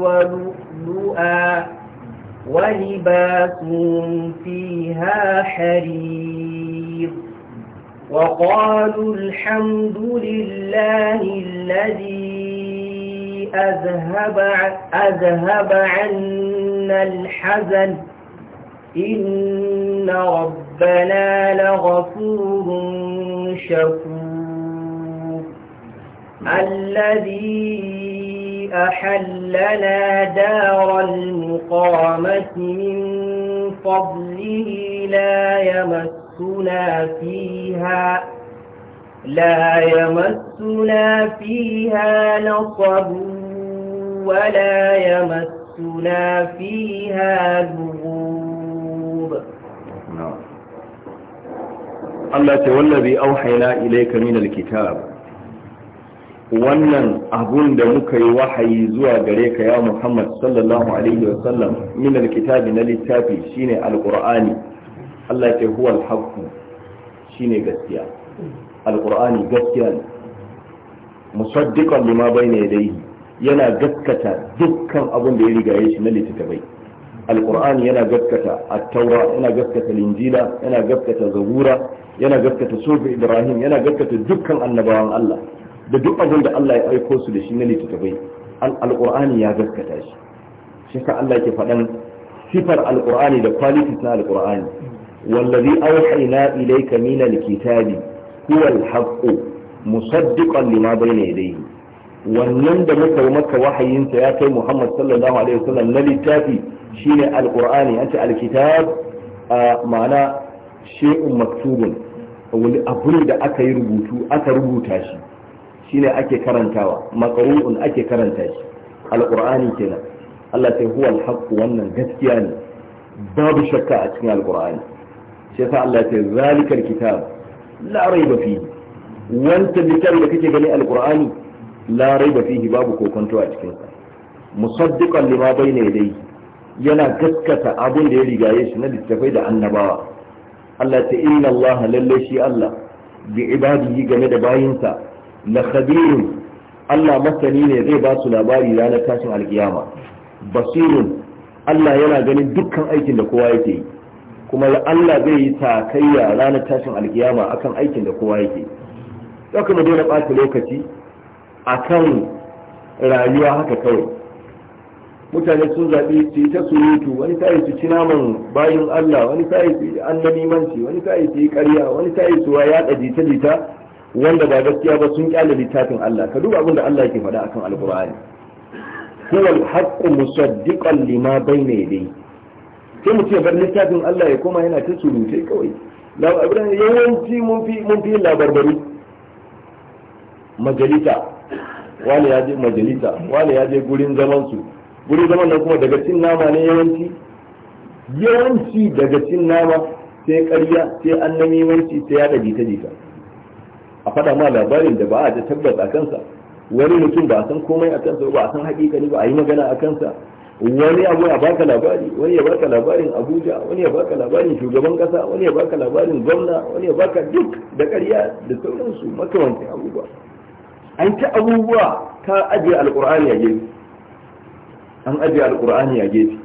ولؤلؤا ولباسهم فيها حرير وقالوا الحمد لله الذي أذهب, أذهب عنا الحزن إن ربنا لغفور شكور الذي أحلنا دار المقامة من فضله لا يمس يمسنا فيها لا يمسنا فيها نصب ولا يمسنا فيها لغوب Allah ce wallabi auhaina ilayka min alkitab wannan abun da muka yi wahayi zuwa gare ka ya Muhammad sallallahu alaihi wasallam min alkitab na littafi shine alqur'ani Allah ke huwa al-haqqu shine gaskiya alqur'ani gaskiya ne musaddiqan lima bayna yadayhi yana gaskata dukkan abun da ya riga ya shi na littattafai alqur'ani yana gaskata at-taura yana gaskata linjila yana gaskata zabura yana gaskata sufi ibrahim yana gaskata dukkan annabawan Allah da duk abin da Allah ya aiko su da shi na littattafai alqur'ani ya gaskata shi shi ka Allah ke faɗan sifar alqur'ani da quality na alqur'ani والذي أوحينا إليك من الكتاب هو الحق مصدقا لما بين يديه wannan da muka yi maka wahayinsa ya kai Muhammad sallallahu alaihi wasallam na littafi shine alqur'ani an ce alkitab ma'ana shay'un maktubun wani abu da aka yi rubutu aka rubuta shi shine ake karantawa maqru'un ake karanta shi alqur'ani kenan Allah sai huwa alhaq wannan gaskiya ne babu shakka a cikin alqur'ani shi yasa Allah ya ce zalikal kitab la raiba fihi wanta littafi da kake gani alqur'ani la raiba fihi babu kokonto a cikin sa musaddiqan lima bayna yadayhi yana gaskata abin da ya rigaye shi na littafai da annabawa Allah ta inna Allah lalle shi Allah bi ibadihi game da bayinsa la khabirun Allah masani ne zai ba su labari ranar tashin alkiyama basirun Allah yana ganin dukkan aikin da kowa yake yi kuma Allah zai yi takayya ranar tashin alkiyama akan aikin da kowa yake ɗauka mu daina ɓata lokaci akan rayuwa haka kawai mutane sun zaɓi su yi ta surutu wani ta yi su ci naman bayin Allah wani ta yi su yi annabimanci wani ta yi su yi ƙarya wani ta yi su yaɗa jita-jita wanda ba gaskiya ba sun ƙyale littafin Allah ka duba abin da Allah yake faɗa akan alƙur'ani huwa al-haqqu musaddiqan lima bayna yadayhi sai mu ce bar littafin Allah ya koma yana ta surutai kawai yawanci mun fi labarbaru majalita Wale ya je majalita ya je gurin zaman su gurin zaman nan kuma daga cin nama ne yawanci yawanci daga cin nama sai karya sai annami wanci sai ya jita jita a faɗa ma labarin da ba a da tabbas a kansa wani mutum ba a san komai a kansa ba a san hakikani ba a yi magana a kansa wani abu ya baka labari wani ya baka labarin abuja wani ya baka labarin shugaban kasa wani ya baka labarin gwamna wani ya baka duk da ƙarya da sauransu makamantan abubuwa an ci abubuwa ta ajiye alkur'ani a gefe an ajiye alkur'ani a gefe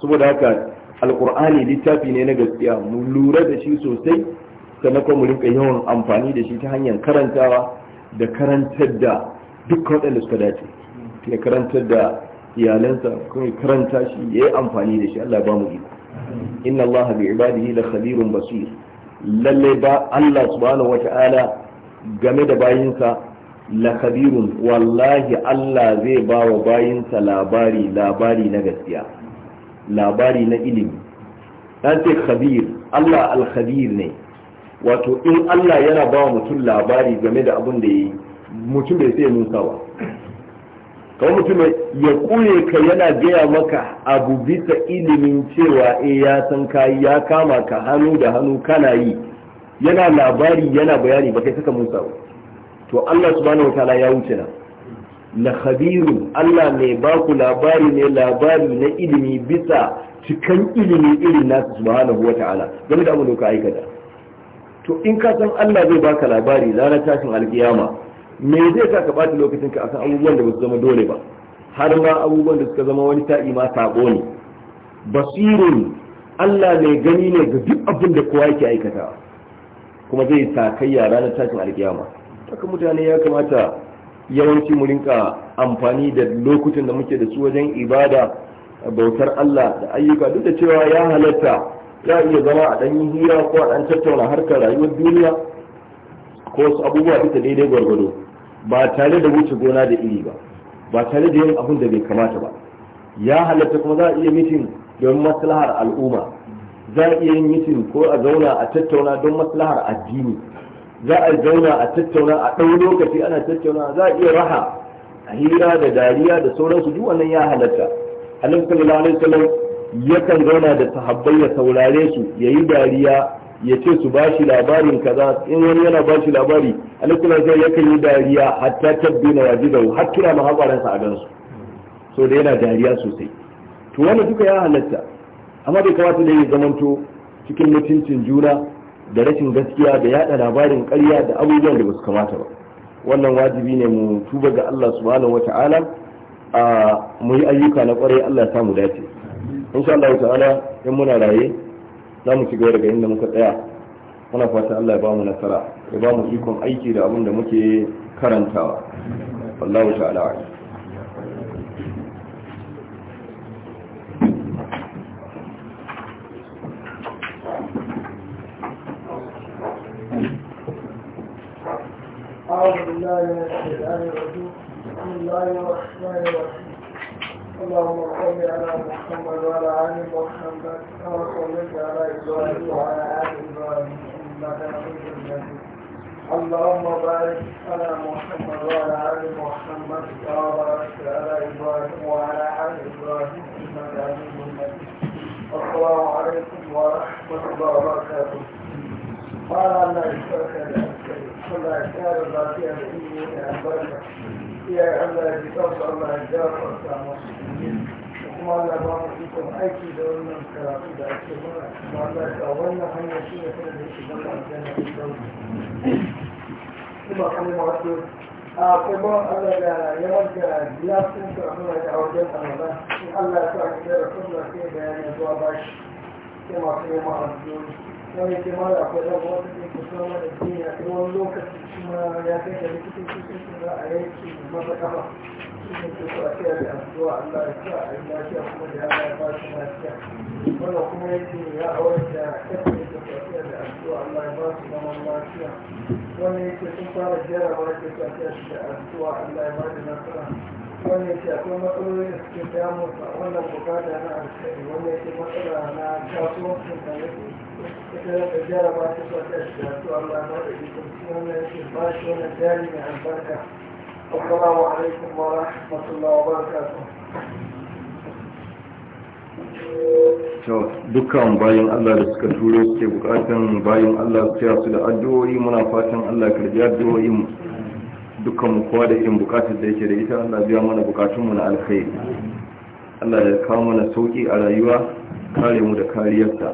saboda haka alkur'ani littafi ne na gaskiya mu lura da shi sosai sannan kuma mu rinka yawan amfani da shi ta hanyar karantawa da karantar da duk waɗanda suka dace ya karantar da iyalansa kuma karanta shi ya yi amfani da shi Allah ba mu iko inna Allah bi ibadihi la khabirun basir lalle ba Allah subhanahu wata'ala game da bayinsa la khabirun wallahi Allah zai ba wa bayinsa labari labari na gaskiya labari na ilimi dan ce khabir Allah al-khabir ne wato in Allah yana ba mutum labari game da abin da ya yi mutum bai sai mun ba kawai mutum ya kure ka yana gaya maka abu bisa ilimin cewa e ya san kayi ya kama ka hannu da hannu kana yi yana labari yana bayani ba kai saka musa to Allah subhanahu wataala ya wuce na na khabiru Allah mai baku labari ne labari na ilimi bisa cikan ilimi irin nasu subhanahu wataala game da abin da ka aikata to in ka san Allah zai baka labari ranar tashin alkiyama me zai sa ka bata lokacin ka akan abubuwan da ba su zama dole ba har ma abubuwan da suka zama wani ta'i ma sabo ne Basirin Allah mai gani ne ga duk abin da kowa yake aikata? kuma zai sa kai ya ranar tashin alkiyama haka mutane ya kamata yawanci mu rinka amfani da lokutan da muke da su wajen ibada bautar Allah da ayyuka duk da cewa ya halatta ya iya zama a ɗan yi hira ko a ɗan tattauna harkar rayuwar duniya ko wasu abubuwa duka daidai gwargwado ba tare da wuce gona da iri ba ba tare da yin abin da bai kamata ba ya halatta kuma za a iya mitin don maslahar al'umma za a iya yin mitin ko a zauna a tattauna don maslahar addini za a zauna a tattauna a ɗau lokaci ana tattauna za a iya raha a hira da dariya da sauransu duk wannan ya halatta annabi sallallahu alaihi wasallam yakan zauna da sahabbai ya saurare su yayi dariya ya ce su ba shi labarin kaza in wani yana ba shi labari alaikula zai yakan yi dariya hatta na yaji da har kira ma hakwaransa a gansu so da yana dariya sosai to wani duka ya halatta amma bai kamata da ya zamanto cikin mutuncin juna da rashin gaskiya da yada labarin ƙarya da abubuwan da basu kamata ba wannan wajibi ne mu tuba ga Allah subhanahu wata'ala a mu yi ayyuka na kwarai Allah ya samu dace insha Allah ta'ala in muna raye za mu ci gaba daga inda muka tsaya muna fata Allah ya ba mu nasara ya ba mu ikon aiki da abin da muke karantawa wallahu ta'ala أعوذ بالله من الشيطان الرجيم بسم الله الرحمن الرحيم اللهم صل على محمد وعلى ال محمد كما صليت على ابراهيم وعلى ال ابراهيم انك حميد مجيد اللهم بارك على محمد وعلى ال محمد كما باركت على ابراهيم وعلى ال ابراهيم انك حميد مجيد السلام عليكم ورحمه الله وبركاته قال الله يشكرك كل اعتاب الباقيه الدنيا يا بركه يا الله يجزاك الله جزاك الله kuma ikon aiki da wannan karatu da ake mana kuma Allah ya wannan hanyar shi ne da yake zama aljanna da sauri kuma gilasin a da wani ke lokaci kuma ya a yanki masa kafa a kuma yake a aure da kafin da tafiya da addu'a Allah ya ba su zaman lafiya wanda da Allah ya akwai matsaloli da suke damun a wannan bukata na alkhairi wanda yake matsala na kasuwancin da yake ita da jarawa ta tafiya da addu'a Allah ya ba da ikon wannan yake ba shi wannan jari mai albarka السلام عليكم ورحمة الله وبركاته dukkan bayan Allah da suka turo suke bukatan bayan Allah su ya su da addu'o'i muna fatan Allah karbi addu'o'in mu dukkan mu kowa da irin bukatar da yake da ita Allah biya mana bukatun mu na alkhairi Allah ya kawo mana sauki a rayuwa kare mu da kariyarsa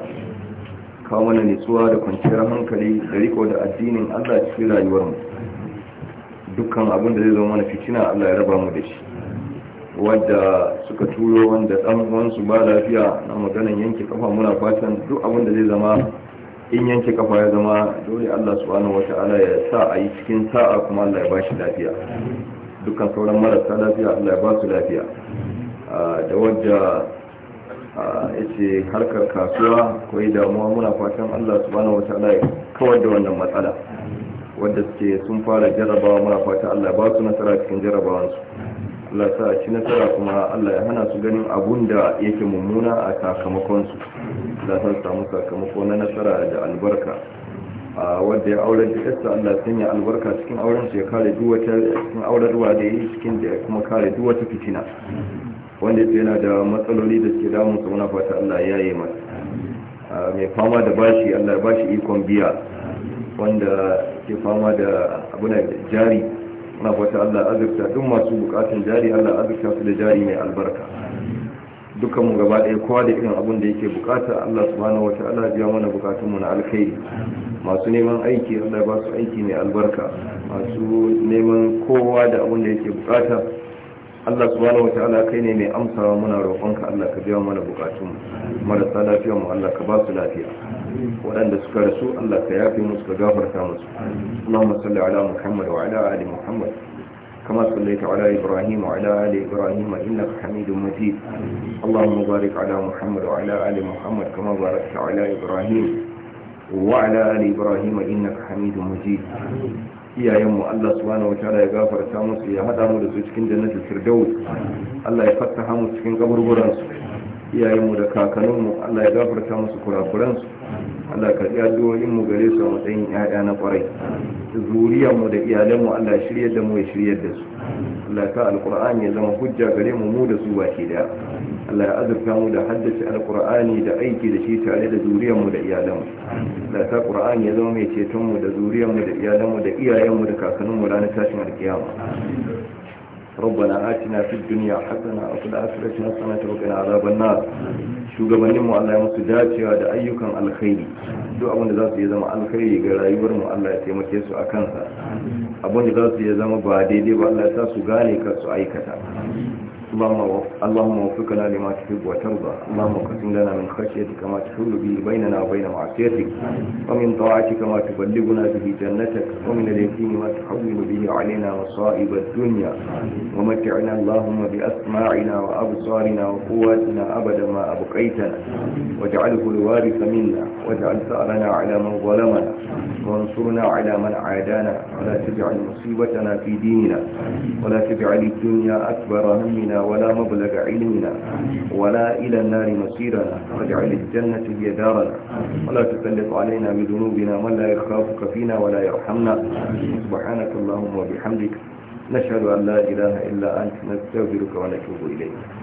kawo mana nutsuwa da kwanciyar hankali da riko da addinin Allah cikin rayuwar mu dukkan abin da zai zama mana fitina Allah ya raba mu da shi wadda suka turo wanda dan uwansu ba lafiya na maganan yanke kafa muna fatan duk abin da zai zama in yanke kafa ya zama dole Allah subhanahu wata'ala ya sa a yi cikin sa'a kuma Allah ya ba shi lafiya dukkan sauran marasa lafiya Allah ya ba su lafiya da wadda ya ce harkar kasuwa ko damuwa muna fatan Allah subhanahu wata'ala ya kawar da wannan matsala wadda suke sun fara jarabawa muna fata Allah ba su nasara cikin jarabawansu Allah sa ci nasara kuma Allah ya hana su ganin abun da yake mummuna a sakamakonsu Allah sa samu sakamako na nasara da albarka a wadda ya aure da yasta Allah yi albarka cikin auren su ya kare duk wata cikin aurarwa da yi cikin da kuma kare duk wata fitina wanda yana da matsaloli da suke damun su muna fata Allah ya yi masa mai fama da bashi Allah ya bashi ikon biya wanda ke fama da abuna jari na fata Allah azurta duk masu bukatun jari Allah azurta su da jari mai albarka dukanmu mu gaba ɗaya kowa da irin abun da yake bukata Allah subhanahu wataala biya mana bukatun mu na alkhairi masu neman aiki Allah ba su aiki mai albarka masu neman kowa da abun da yake bukata Allah subhanahu wataala kai ne mai amsawa muna roƙonka Allah ka biya mana bukatun mu marasa lafiya mu Allah ka ba su lafiya waɗanda suka rasu Allah ka yafe musu ka gafarta musu Allahumma salli ala Muhammad wa ala ali Muhammad kama sallaita ala Ibrahim wa ala ali Ibrahim innaka Hamidum Majid Allahumma barik ala Muhammad wa ala ali Muhammad kama barakta ala Ibrahim wa ala ali Ibrahim innaka Hamidum Majid iya yamu Allah subhanahu wa ta'ala ya gafarta musu ya hada mu da su cikin jannatul firdaus Allah ya fatta mu cikin kaburburan su iyayenmu da kakanninmu Allah ya gafarta musu kurakuransu Allah ka ji addu'o'in gare su a matsayin ƴaƴa na kwarai zuriyarmu da iyalanmu allah Allah shirye da mu ya shirye da su Allah ka alƙur'ani ya zama hujja gare mu mu da su baki daya Allah ya azurta mu da haddace alƙur'ani da aiki da shi tare da zuriyarmu da iyalanmu. Allah ka qur'ani ya zama mai ceton mu da zuriyarmu da iyalanmu da iyayenmu da kakannin ranar tashin alƙiyama ربنا آتنا duniya الدنيا حسنة وفي الآخرة حسنة وقنا عذاب النار shugabannin mu Allah musu dacewa da ayyukan alkhairi duk abin da za su yi zama alkhairi ga rayuwar mu Allah ya taimake su a kansa abin da za su yi zama ba daidai ba Allah ya sa su gane ka su aikata اللهم وفقنا لما تحب وترضى اللهم اقسم لنا من خشيتك ما تحل به بيننا وبين معصيتك ومن طاعتك ما تبلغنا به جنتك ومن اليقين ما تحول به علينا مصائب الدنيا ومتعنا اللهم بأسماعنا وأبصارنا وقواتنا أبدا ما أبقيتنا واجعله الوارث منا واجعل ثأرنا على من ظلمنا وانصرنا على من عادانا ولا تجعل مصيبتنا في ديننا ولا تجعل الدنيا أكبر همنا ولا مبلغ علمنا ولا إلى النار مصيرنا واجعل الجنة هي دارنا ولا تسلط علينا بذنوبنا من لا يخافك فينا ولا يرحمنا سبحانك اللهم وبحمدك نشهد أن لا إله إلا أنت نستغفرك ونتوب إليك